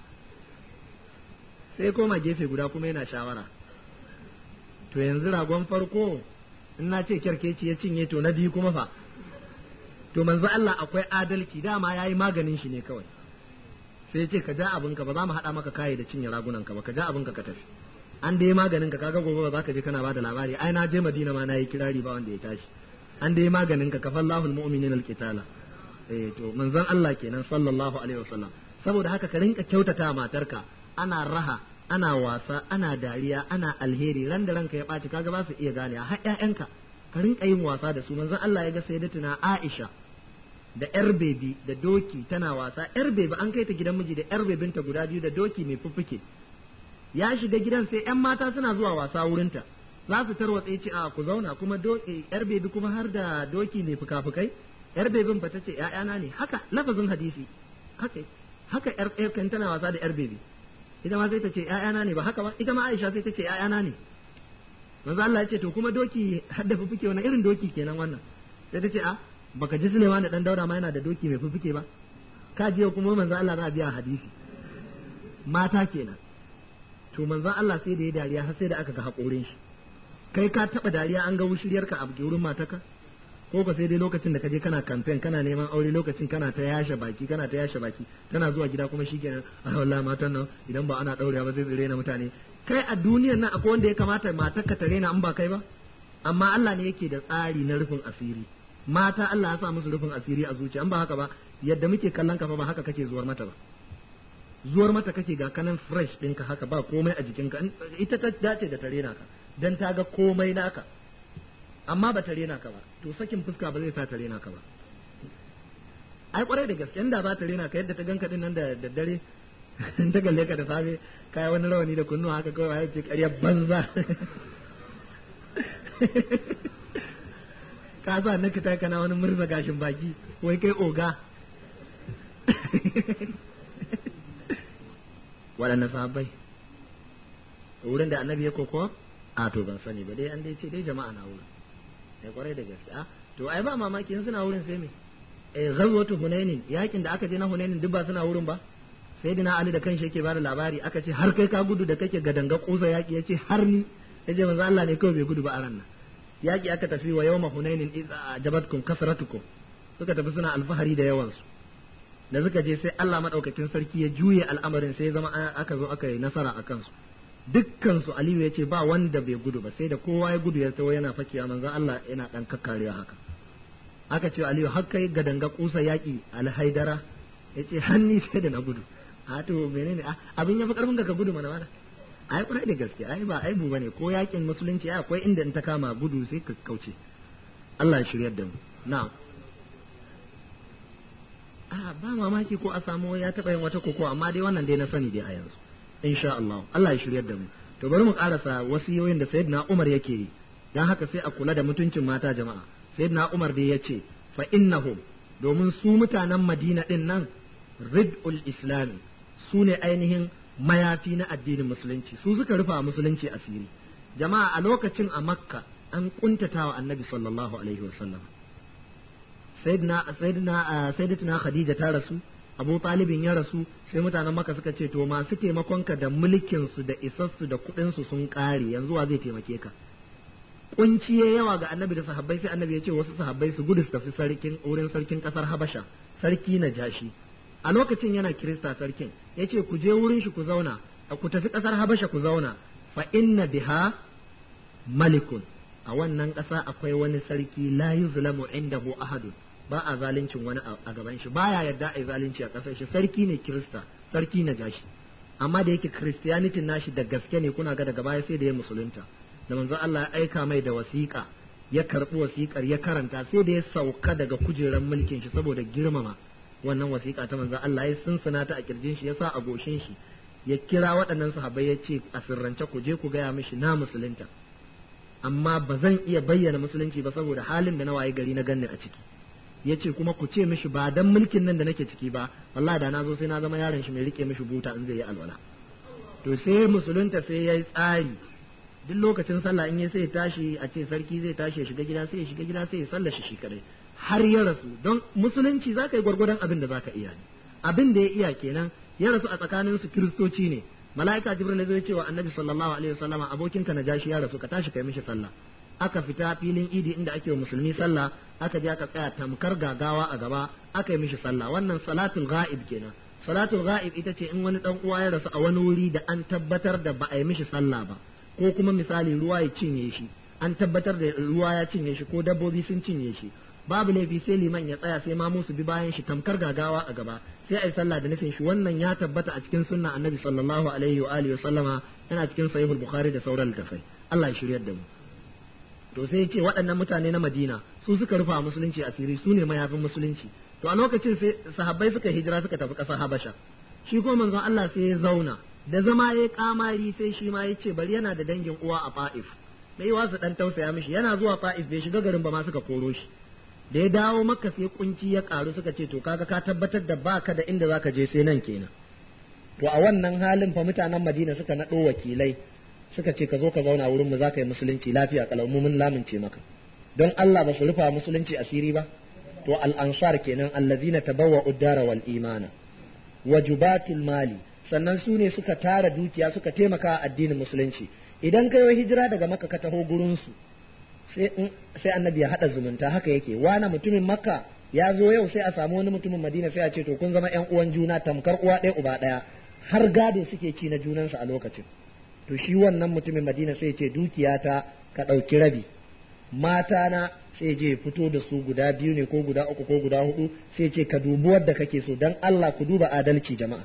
sai koma gefe guda kuma yana shawara to yanzu ragon farko in na ce kyarkeci ya cinye to na biyu kuma fa to manzo Allah akwai adalci dama yayi maganin shi ne kawai sai ce ka ja ka ba za mu haɗa maka kai da cinye ka ba ka ja abinka ka tafi an dai maganin ka kaga gobe ba za ka je kana bada labari ai na je Madina ma nayi kirari ba wanda ya tashi an dai maganin ka kafallahu almu'minina alqitala eh to manzon Allah kenan sallallahu alaihi wasallam saboda haka ka rinka kyautata matarka ana raha ana wasa ana dariya ana alheri ran da ranka ya ɓaci kaga ba su iya gane har ƴaƴanka ka rinka yin wasa da su manzon Allah ya ga sayyidatuna Aisha da yar bebi da doki tana wasa yar bebi an kai ta gidan miji da yar bebinta guda biyu da doki mai fuffuke ya shiga gidan sai yan mata suna zuwa wasa wurinta za su tarwatsa ce a ku zauna kuma doki yar eh, bebi kuma har da doki mai fuka-fukai yar bebin ba ta ce ‘ya'yana ne haka lafazin hadisi haka haka yar kan tana wasa da yar bebi ita ma sai ta ce ‘ya'yana ne ba haka ba ita ma Aisha sai ta ce ‘ya'yana ne manzo Allah ya ce to kuma doki haddafa fuke wani irin doki kenan wannan sai ta ce a ah, baka ji Suleiman da dan daura ma yana da doki mai fufuke ba ka je kuma manzo Allah za a biya hadisi mata kenan to manzo Allah sai da ya dariya har sai da aka ga haƙorin shi kai ka taba dariya an ga wushiriyarka a wurin mataka ko ba sai dai lokacin da kaje kana kamfen kana neman aure lokacin kana ta yashe baki kana ta yashe baki tana zuwa gida kuma shikenan a ah, wallahi matan nan idan ba ana daurewa ba zai tsire na mutane kai a duniyar nan akwai wanda ya kamata matar ka tare na an ba kai ba amma Allah ne yake da tsari na rufin asiri mata Allah ya sa musu rufin asiri a zuciya an ba haka ba yadda muke kallon ka fa ba haka kake zuwar mata ba zuwar mata kake ga kanan fresh ɗinka haka ba komai a jikinka ita ta dace da tare naka dan ta ga komai naka amma ba ta rena ka ba to sakin fuska ba zai sa ta rena ka ba ai kwarai da gaske inda za ta rena ka yadda ta ganka din nan da daddare ta galle ka da safe kai wani rawani da kunnuwa haka kawai ai ce ƙarya banza ka sa na fita kana wani murza gashin baki wai kai oga waɗanne sabai wurin da annabi ya koko a to ban sani ba dai an dai ce dai jama'a na wurin ya kwarai da gaske a ah, to ai ba mamaki in suna wurin sai me eh ghazwatu hunainin yakin da aka je na hunainin duk ba suna wurin ba sai dina ali da kanshi yake bada labari aka ce har kai ka gudu da kake gadanga kusa yaki yace har ni yace manzo Allah ne kawai bai gudu ba a ran nan yaki aka tafi wa yawma hunainin idza ajabatkum kasratukum suka tafi suna alfahari da yawansu da suka je sai Allah madaukakin sarki ya juye al'amarin sai zama aka zo aka yi nasara a kansu dukkansu aliyu ya ce ba wanda bai gudu ba sai da kowa ya gudu ya tawo yana fakiya manzon Allah yana dan kakkariya haka aka ce aliyu har kai ga danga kusa yaki alhaidara ya ce hanni sai da na gudu a to menene abin ya fi karfin ka gudu mana mana ai kurai da gaske ai ba aibu bane ko yakin musulunci ai akwai inda in ta kama gudu sai ka kauce Allah ya shiryar da mu na'am a ba mamaki ko a samu ya taba yin wata koko amma dai wannan dai na sani dai a yanzu insha Allah Allah ya shiryar da mu to bari mu karasa wasiyoyin da sayyidina Umar yake yi dan haka sai a kula da mutuncin mata jama'a sayyidina Umar dai yace fa innahum domin su mutanen Madina din nan rid'ul islami su ne ainihin mayafi na addinin musulunci su suka rufa musulunci asiri jama'a a lokacin a makka an kuntatawa annabi sallallahu alaihi wasallam sayyidina sayyidina khadija ta rasu abu talibin ya rasu sai mutanen maka suka ce to masu taimakon ka da mulkinsu da isassu da su sun kare yanzu wa zai taimake ka kunci ya yawa ga annabi da sahabbai sai annabi ya ce wasu sahabbai su gudu su tafi sarkin wurin sarkin kasar habasha sarki na jashi a lokacin yana kirista sarkin ya ce ku je wurin shi ku zauna ku tafi kasar habasha ku zauna fa inna biha malikun a wannan kasa akwai wani sarki la yuzlamu indahu ahadun ba a zaluncin wani a gaban shi ba ya yadda a zalunci a ƙasar shi sarki ne kirista sarki na gashi amma da yake christianity nashi da gaske ne kuna ga daga baya sai da ya musulunta da manzo Allah ya aika mai da wasiƙa ya karɓi wasiƙar ya karanta sai da ya sauka daga kujerar mulkin shi saboda girmama wannan wasiƙa ta manzo Allah ya sunsuna ta a kirjin shi ya sa a goshin shi ya kira waɗannan sahabbai ya ce a sirrance ku je ku gaya mishi na musulunta amma ba zan iya bayyana musulunci ba saboda halin da na waye gari na ganni a ciki Ya ce kuma ku ce mishi ba dan mulkin nan da nake ciki ba wallahi da na zo sai na zama yaron shi mai rike mishi buta in zai yi alwala to sai musulunta sai yayi tsari duk lokacin sallah in ya sai tashi a ce sarki zai tashi ya shiga gida sai ya shiga gida sai ya sallar shi shi kadai har ya rasu don musulunci zaka yi gwargwadon abin da zaka iya abin da ya iya kenan ya rasu a tsakanin su kiristoci ne mala'ika jibril zai ce wa annabi sallallahu alaihi wasallama abokinka najashi ya rasu ka tashi kai mishi sallah aka fita filin idi inda ake musulmi sallah aka je aka tsaya tamkar gagawa a gaba aka yi mishi sallah wannan salatul ghaib kenan salatul ghaib ita ce in wani dan uwa ya rasu a wani wuri da an tabbatar da ba a yi mishi sallah ba ko kuma misali ruwa ya cinye shi an tabbatar da ruwa ya cinye shi ko dabbobi sun cinye shi babu laifi sai liman ya tsaya sai ma musu bi bayan shi tamkar gagawa a gaba sai a yi sallah da nufin shi wannan ya tabbata a cikin sunna annabi sallallahu alaihi wa alihi wa sallama yana cikin sahihul bukhari da sauran littafai Allah ya shiryar da mu to sai ce waɗannan mutane na madina su suka rufa musulunci asiri su ne mayafin musulunci to a lokacin sai sahabbai suka hijira suka tafi ƙasar habasha shi ko manzon Allah sai ya zauna da zama ya kamari sai shi ma ya ce bari yana da dangin uwa a fa'if mai wasu ɗan tausaya mishi yana zuwa fa'if bai shiga garin ba ma suka koro shi da ya dawo maka sai kunci ya karu suka ce to kaga ka tabbatar da baka da inda zaka je sai nan kenan to a wannan halin fa mutanen Madina suka naɗo wakilai suka ce ka zo ka zauna wurinmu za ka yi musulunci lafiya kalau mu mun lamince maka don Allah ba su rufa musulunci asiri ba to al-ansar kenan allazina tabawwa uddara wal imana wajubatul mali sannan su ne suka tara dukiya suka taimaka addinin musulunci idan ka yi hijira daga maka ka taho gurinsu. sai annabi ya haɗa zumunta haka yake wana mutumin makka ya zo yau sai a samu wani mutumin madina sai a ce to kun zama yan uwan juna tamkar uwa ɗaya uba ɗaya har gado suke ci na junansa a lokacin to shi wannan mutumin madina sai ce dukiyata ka ɗauki rabi mata na sai je fito da su guda biyu ne ko guda uku ko guda hudu sai ce ka dubi wadda kake so dan Allah ku duba adalci jama'a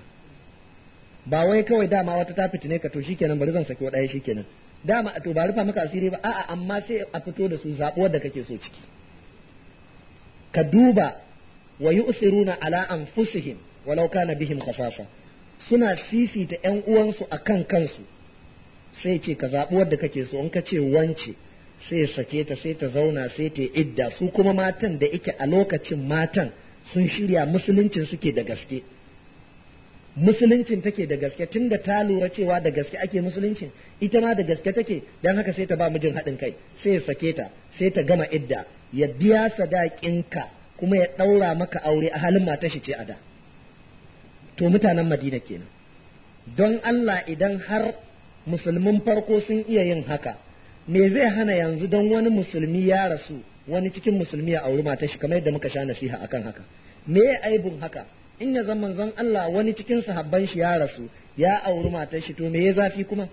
ba wai kawai dama wata ta fitine ka to shikenan bari zan saki wadaya shikenan dama to ba rufa maka asiri ba a'a amma sai a fito da su zaɓi wadda kake so ciki ka duba wa yu'siruna ala anfusihim walau kana bihim khasasa suna fifita yan uwansu akan kansu sai ce ka zaɓi wadda kake so in ka ce wance sai sake ta sai ta zauna sai ta idda su kuma matan da ike a lokacin matan sun shirya musuluncin suke da gaske musuluncin take da gaske tun da ta lura cewa da gaske ake musuluncin ita ma da gaske take don haka sai ta ba mijin haɗin kai sai ya sake ta sai ta gama idda ya biya sadakinka kuma ya ɗaura maka aure a halin matar shi ce a da to mutanen madina kenan don Allah idan har musulmin farko sun iya yin haka me zai hana yanzu don wani musulmi ya rasu wani cikin musulmi ya auri mata shi kamar yadda muka sha nasiha akan haka me ya aibun haka in ya zama manzon Allah wani cikin sahabban shi ya rasu ya auri mata shi to me ya zafi kuma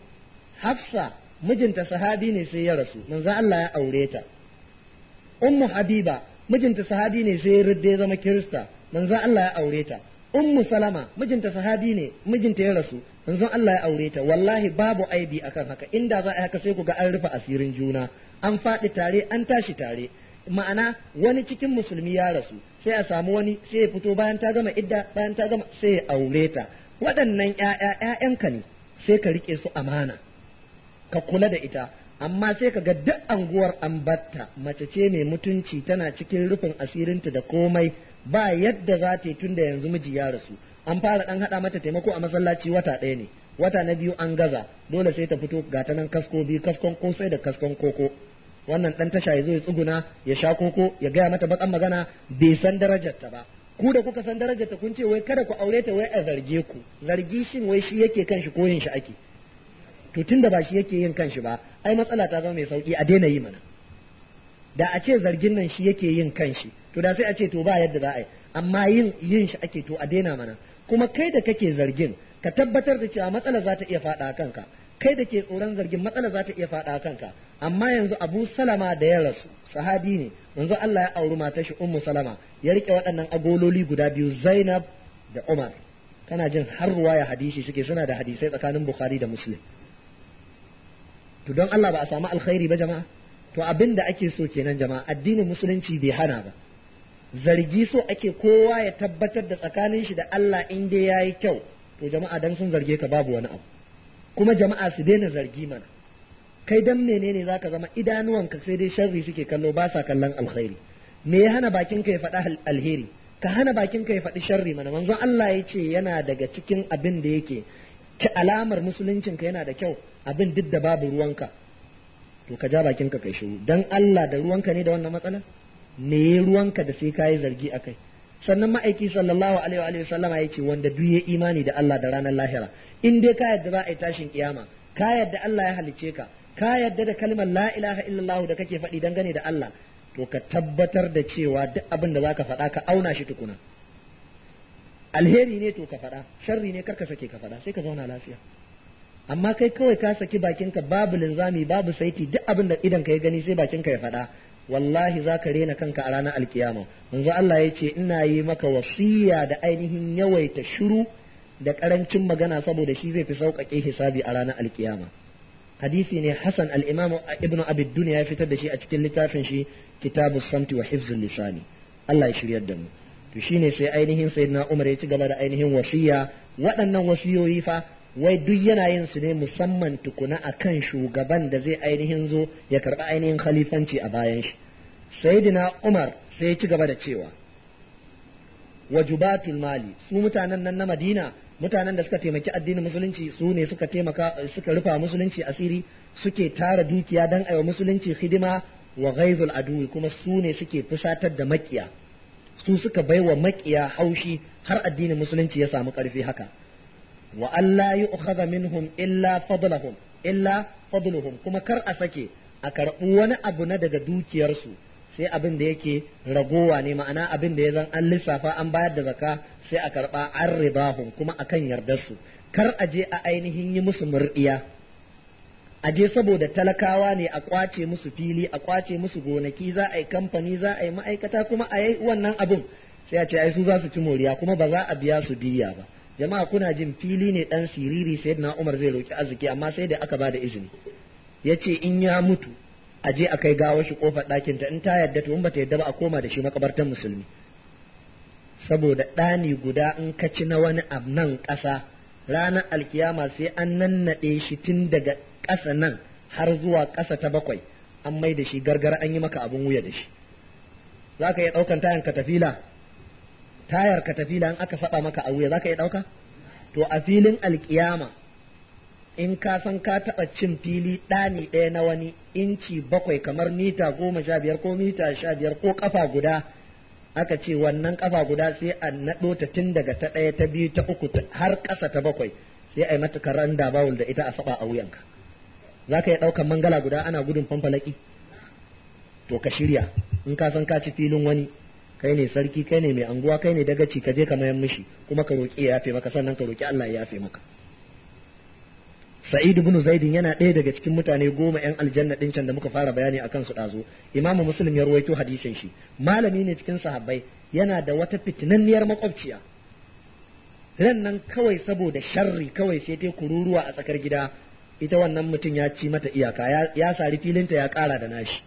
Hafsa mijinta sahabi ne sai ya rasu manzon Allah ya aure ta Ummu Habiba mijinta sahabi ne sai ya ridde zama Kirista manzon Allah ya aure ta Ummu Salama mijinta sahabi ne mijinta ya rasu Yanzu Allah ya aure ta wallahi babu aibi akan haka inda za a haka sai ku ga an rufe asirin juna an faɗi tare an tashi tare ma'ana wani cikin musulmi ya rasu sai a samu wani sai ya fito bayan ta gama idda bayan ta gama sai ya aure ta waɗannan ƴaƴa ƴaƴanka ne sai ka rike su amana ka kula da ita amma sai ka ga duk anguwar an batta mace ce mai mutunci tana cikin rufin asirinta da komai ba yadda za ta yi tunda yanzu miji ya rasu an fara ɗan haɗa mata taimako a masallaci wata ɗaya ne wata na biyu an gaza dole sai ta fito ga ta nan kasko biyu kaskon kosai da kaskon koko wannan dan tasha ya zo ya tsuguna ya sha koko ya gaya mata bakan magana bai san darajarta ba ku da kuka san darajarta kun ce wai kada ku aure ta wai a zarge ku zargi shin wai shi yake kan shi ko yin shi ake to tunda ba shi yake yin kanshi ba ai matsala ta zama mai sauki a daina yi mana da a ce zargin nan shi yake yin kanshi to da sai a ce to ba yadda za a yi amma yin yin shi ake to a daina mana kuma kai da kake zargin ka tabbatar da cewa matsala za ta iya faɗa kanka kai da ke tsoron zargin matsala za ta iya faɗa kanka amma yanzu Abu Salama da ya rasu sahabi ne yanzu Allah ya auri mata shi Ummu Salama ya rike waɗannan agololi guda biyu Zainab da Umar kana jin har ya hadisi suke suna da hadisai tsakanin Bukhari da Muslim to don Allah ba a samu alkhairi ba jama'a to abin da ake so kenan jama'a addinin musulunci bai hana ba zargi so ake kowa ya tabbatar da tsakanin shi da Allah in dai yi kyau to jama'a dan sun zarge ka babu wani abu kuma jama'a su daina zargi mana kai dan menene zaka zama idanuwanka sai dai sharri suke kallo ba sa kallon alkhairi me ya hana bakinka ya faɗa alheri ka hana bakinka ya faɗi sharri mana manzo Allah ya ce yana daga cikin abin da yake ki alamar musuluncinka yana da kyau abin duk da babu ruwanka to ka ja bakinka kai shiru dan Allah da ruwanka ne da wannan matsalar me ya ruwanka da sai ka yi zargi a kai sannan ma'aiki sallallahu alaihi wa sallama ya ce wanda duk ya imani da Allah da ranar lahira in dai ka yadda za a yi tashin kiyama ka yadda Allah ya halicce ka ka yadda da kalmar la ilaha illallah da kake faɗi dangane da Allah to ka tabbatar da cewa duk abin da zaka faɗa ka auna shi tukuna alheri ne to ka faɗa sharri ne karka sake ka faɗa sai ka zauna lafiya amma kai kawai ka saki bakinka babu linzami babu saiti duk abin da idan ka yi gani sai bakinka ya faɗa wallahi za ka rena kanka a ranar alkiyama manzo Allah ya ce ina yi maka wasiya da ainihin yawaita shiru da karancin magana saboda shi zai fi sauƙaƙe hisabi a ranar alkiyama hadisi ne Hassan al-Imam Ibn Abi Dunya ya fitar da shi a cikin littafin shi kitabu Samti wa Hifzul Lisani Allah ya shiryar da mu to shine sai ainihin Sayyidina Umar ya ci gaba da ainihin wasiya waɗannan wasiyoyi fa wai duk yana yin su ne musamman tukuna akan shugaban da zai ainihin zo ya karɓi ainihin khalifanci a bayan shi sayyidina umar sai ya ci gaba da cewa wajubatul mali su mutanen nan na madina mutanen da suka taimaki addinin musulunci su suka rufe suka rufa musulunci asiri suke tara dukiya dan aiwa musulunci hidima wa ghaizul aduwi kuma su ne suke fusatar da makiya su suka baiwa makiya haushi har addinin musulunci ya samu karfi haka wa alla yu'khadha minhum illa fadluhum illa fadluhum kuma kar a sake a karɓi wani abu na daga dukiyarsu sai abin da yake ragowa ne ma'ana abin da ya zan an lissafa an bayar da zaka sai a karɓa an ribahun kuma akan yardarsu kar a je a ainihin yi musu murɗiya a je saboda talakawa ne a kwace musu fili a kwace musu gonaki za a yi kamfani za a yi ma'aikata kuma a yi wannan abin sai a ce ai su za su ci moriya kuma ba za a biya su diya ba jama'a kuna jin fili ne dan siriri na Umar zai roki arziki amma sai da aka ba da izini ya ce in ya mutu a je a kai gawar shi kofar ɗakin ta in ta yadda to in bata yadda ba a koma da shi makabartar musulmi saboda ɗani guda in ka ci na wani nan ƙasa ranar alkiyama sai an nannaɗe shi tun daga ƙasa nan har zuwa ƙasa ta bakwai an mai da shi gargara an yi maka abin wuya da shi za ka iya ɗaukan tayan katafila tayar katafila in aka saba maka a wuya za ka iya ɗauka to a filin alkiyama in ka san ka taɓa cin fili ɗani ɗaya na wani inci bakwai kamar mita goma sha biyar ko mita sha biyar ko ƙafa guda aka ce wannan ƙafa guda sai a naɗo ta tun daga ta ɗaya ta biyu ta uku har ƙasa ta bakwai sai a yi mata karan da bawul da ita a saba a wuyanka za ka iya ɗaukan mangala guda ana gudun fanfalaki to ka shirya in ka san ka ci filin wani kai ne sarki kai ne mai anguwa kai ne dagaci ka je ka mayan mishi kuma ka roƙi ya yafe maka sannan ka roƙi Allah ya yafe maka sa'id ibn zaidin yana ɗaya daga cikin mutane goma yan aljanna din can da muka fara bayani akan su ɗazu imamu muslim ya ruwaito hadisin shi malami ne cikin sahabbai yana da wata fitinanniyar makwabciya ran nan kawai saboda sharri kawai sai ta kururuwa a tsakar gida ita wannan mutum ya ci mata iyaka ya sari filinta ya ƙara da nashi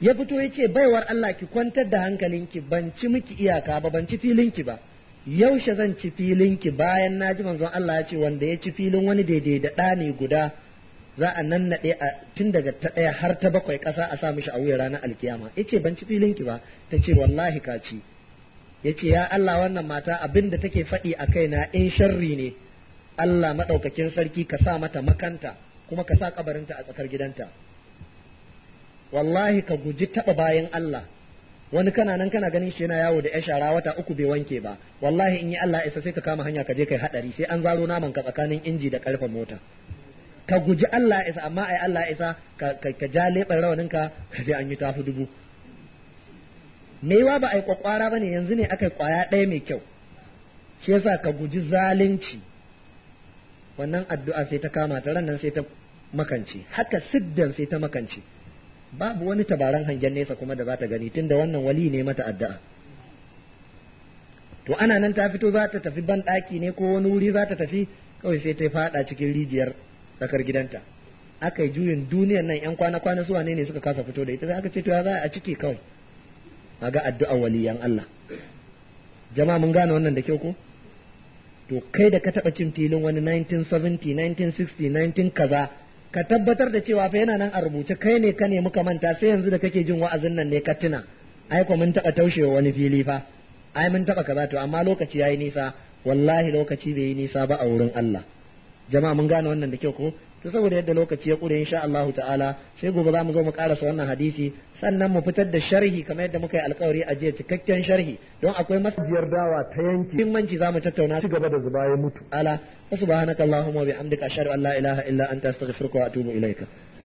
ya fito ya ce baiwar Allah ki kwantar da hankalinki ban ci miki iyaka ba ban ci filinki ba yaushe zan ci filin ki bayan na ji manzon Allah ya ce wanda ya ci filin wani daidai da ɗa ne guda za a naɗe a tun daga ta ɗaya har ta bakwai ƙasa a sa mishi a wuya ranar alkiyama ya ce ban ci filinki ba ta ce wallahi ka ci ya ce ya Allah wannan mata abin da take faɗi a kai na in sharri ne Allah maɗaukakin sarki ka sa mata makanta kuma ka sa kabarinta a tsakar gidanta wallahi ka guji taɓa bayan Allah wani kana nan kana ganin shi yana yawo da shara wata uku bai wanke ba wallahi in yi Allah isa sai ka kama hanya ka je kai hadari sai an zaro naman ka tsakanin inji da karfe mota ka guji Allah isa amma ai Allah isa ka ja leɓar rawanin ka ka je an yi tafi dubu maiwa ba ai kwakwara bane yanzu ne aka kwaya ɗaya mai kyau shi yasa ka guji zalunci wannan addu'a sai ta kama ta ran nan sai ta makance haka siddan sai ta makance babu wani tabaran hangen nesa kuma da za ta gani tunda wannan wali ne mata addu'a to ana nan ta fito za ta tafi ban ɗaki ne ko wani wuri za ta tafi kawai sai ta faɗa cikin rijiyar tsakar gidanta aka yi juyin duniyar nan yan kwana kwana su ne ne suka kasa fito da ita sai aka ce to ya za a ciki kawai a ga addu'a waliyan Allah jama'a mun gane wannan da kyau ko to kai da ka taɓa cin filin wani 1970 1960 19 kaza ka tabbatar da cewa fa yana nan a rubuce kai ne ka ne muka manta sai yanzu da kake jin wa'azin nan ne ka tuna ai ko mun taba taushewa wani fili fa ai mun taba kaza to amma lokaci yayi nisa wallahi lokaci bai yi nisa ba a wurin Allah jama'a mun gane wannan da kyau ko to saboda yadda lokaci ya kure insha Allahu ta'ala sai gobe za mu zo mu karasa wannan hadisi sannan mu fitar da sharhi kamar yadda muka yi alkawari a jiya cikakken sharhi don akwai masajiyar dawa ta yanki muhimmanci za mu tattauna ci gaba da zuba ya mutu ala subhanakallahumma wa bihamdika ashhadu an la ilaha illa anta astaghfiruka wa atubu ilaika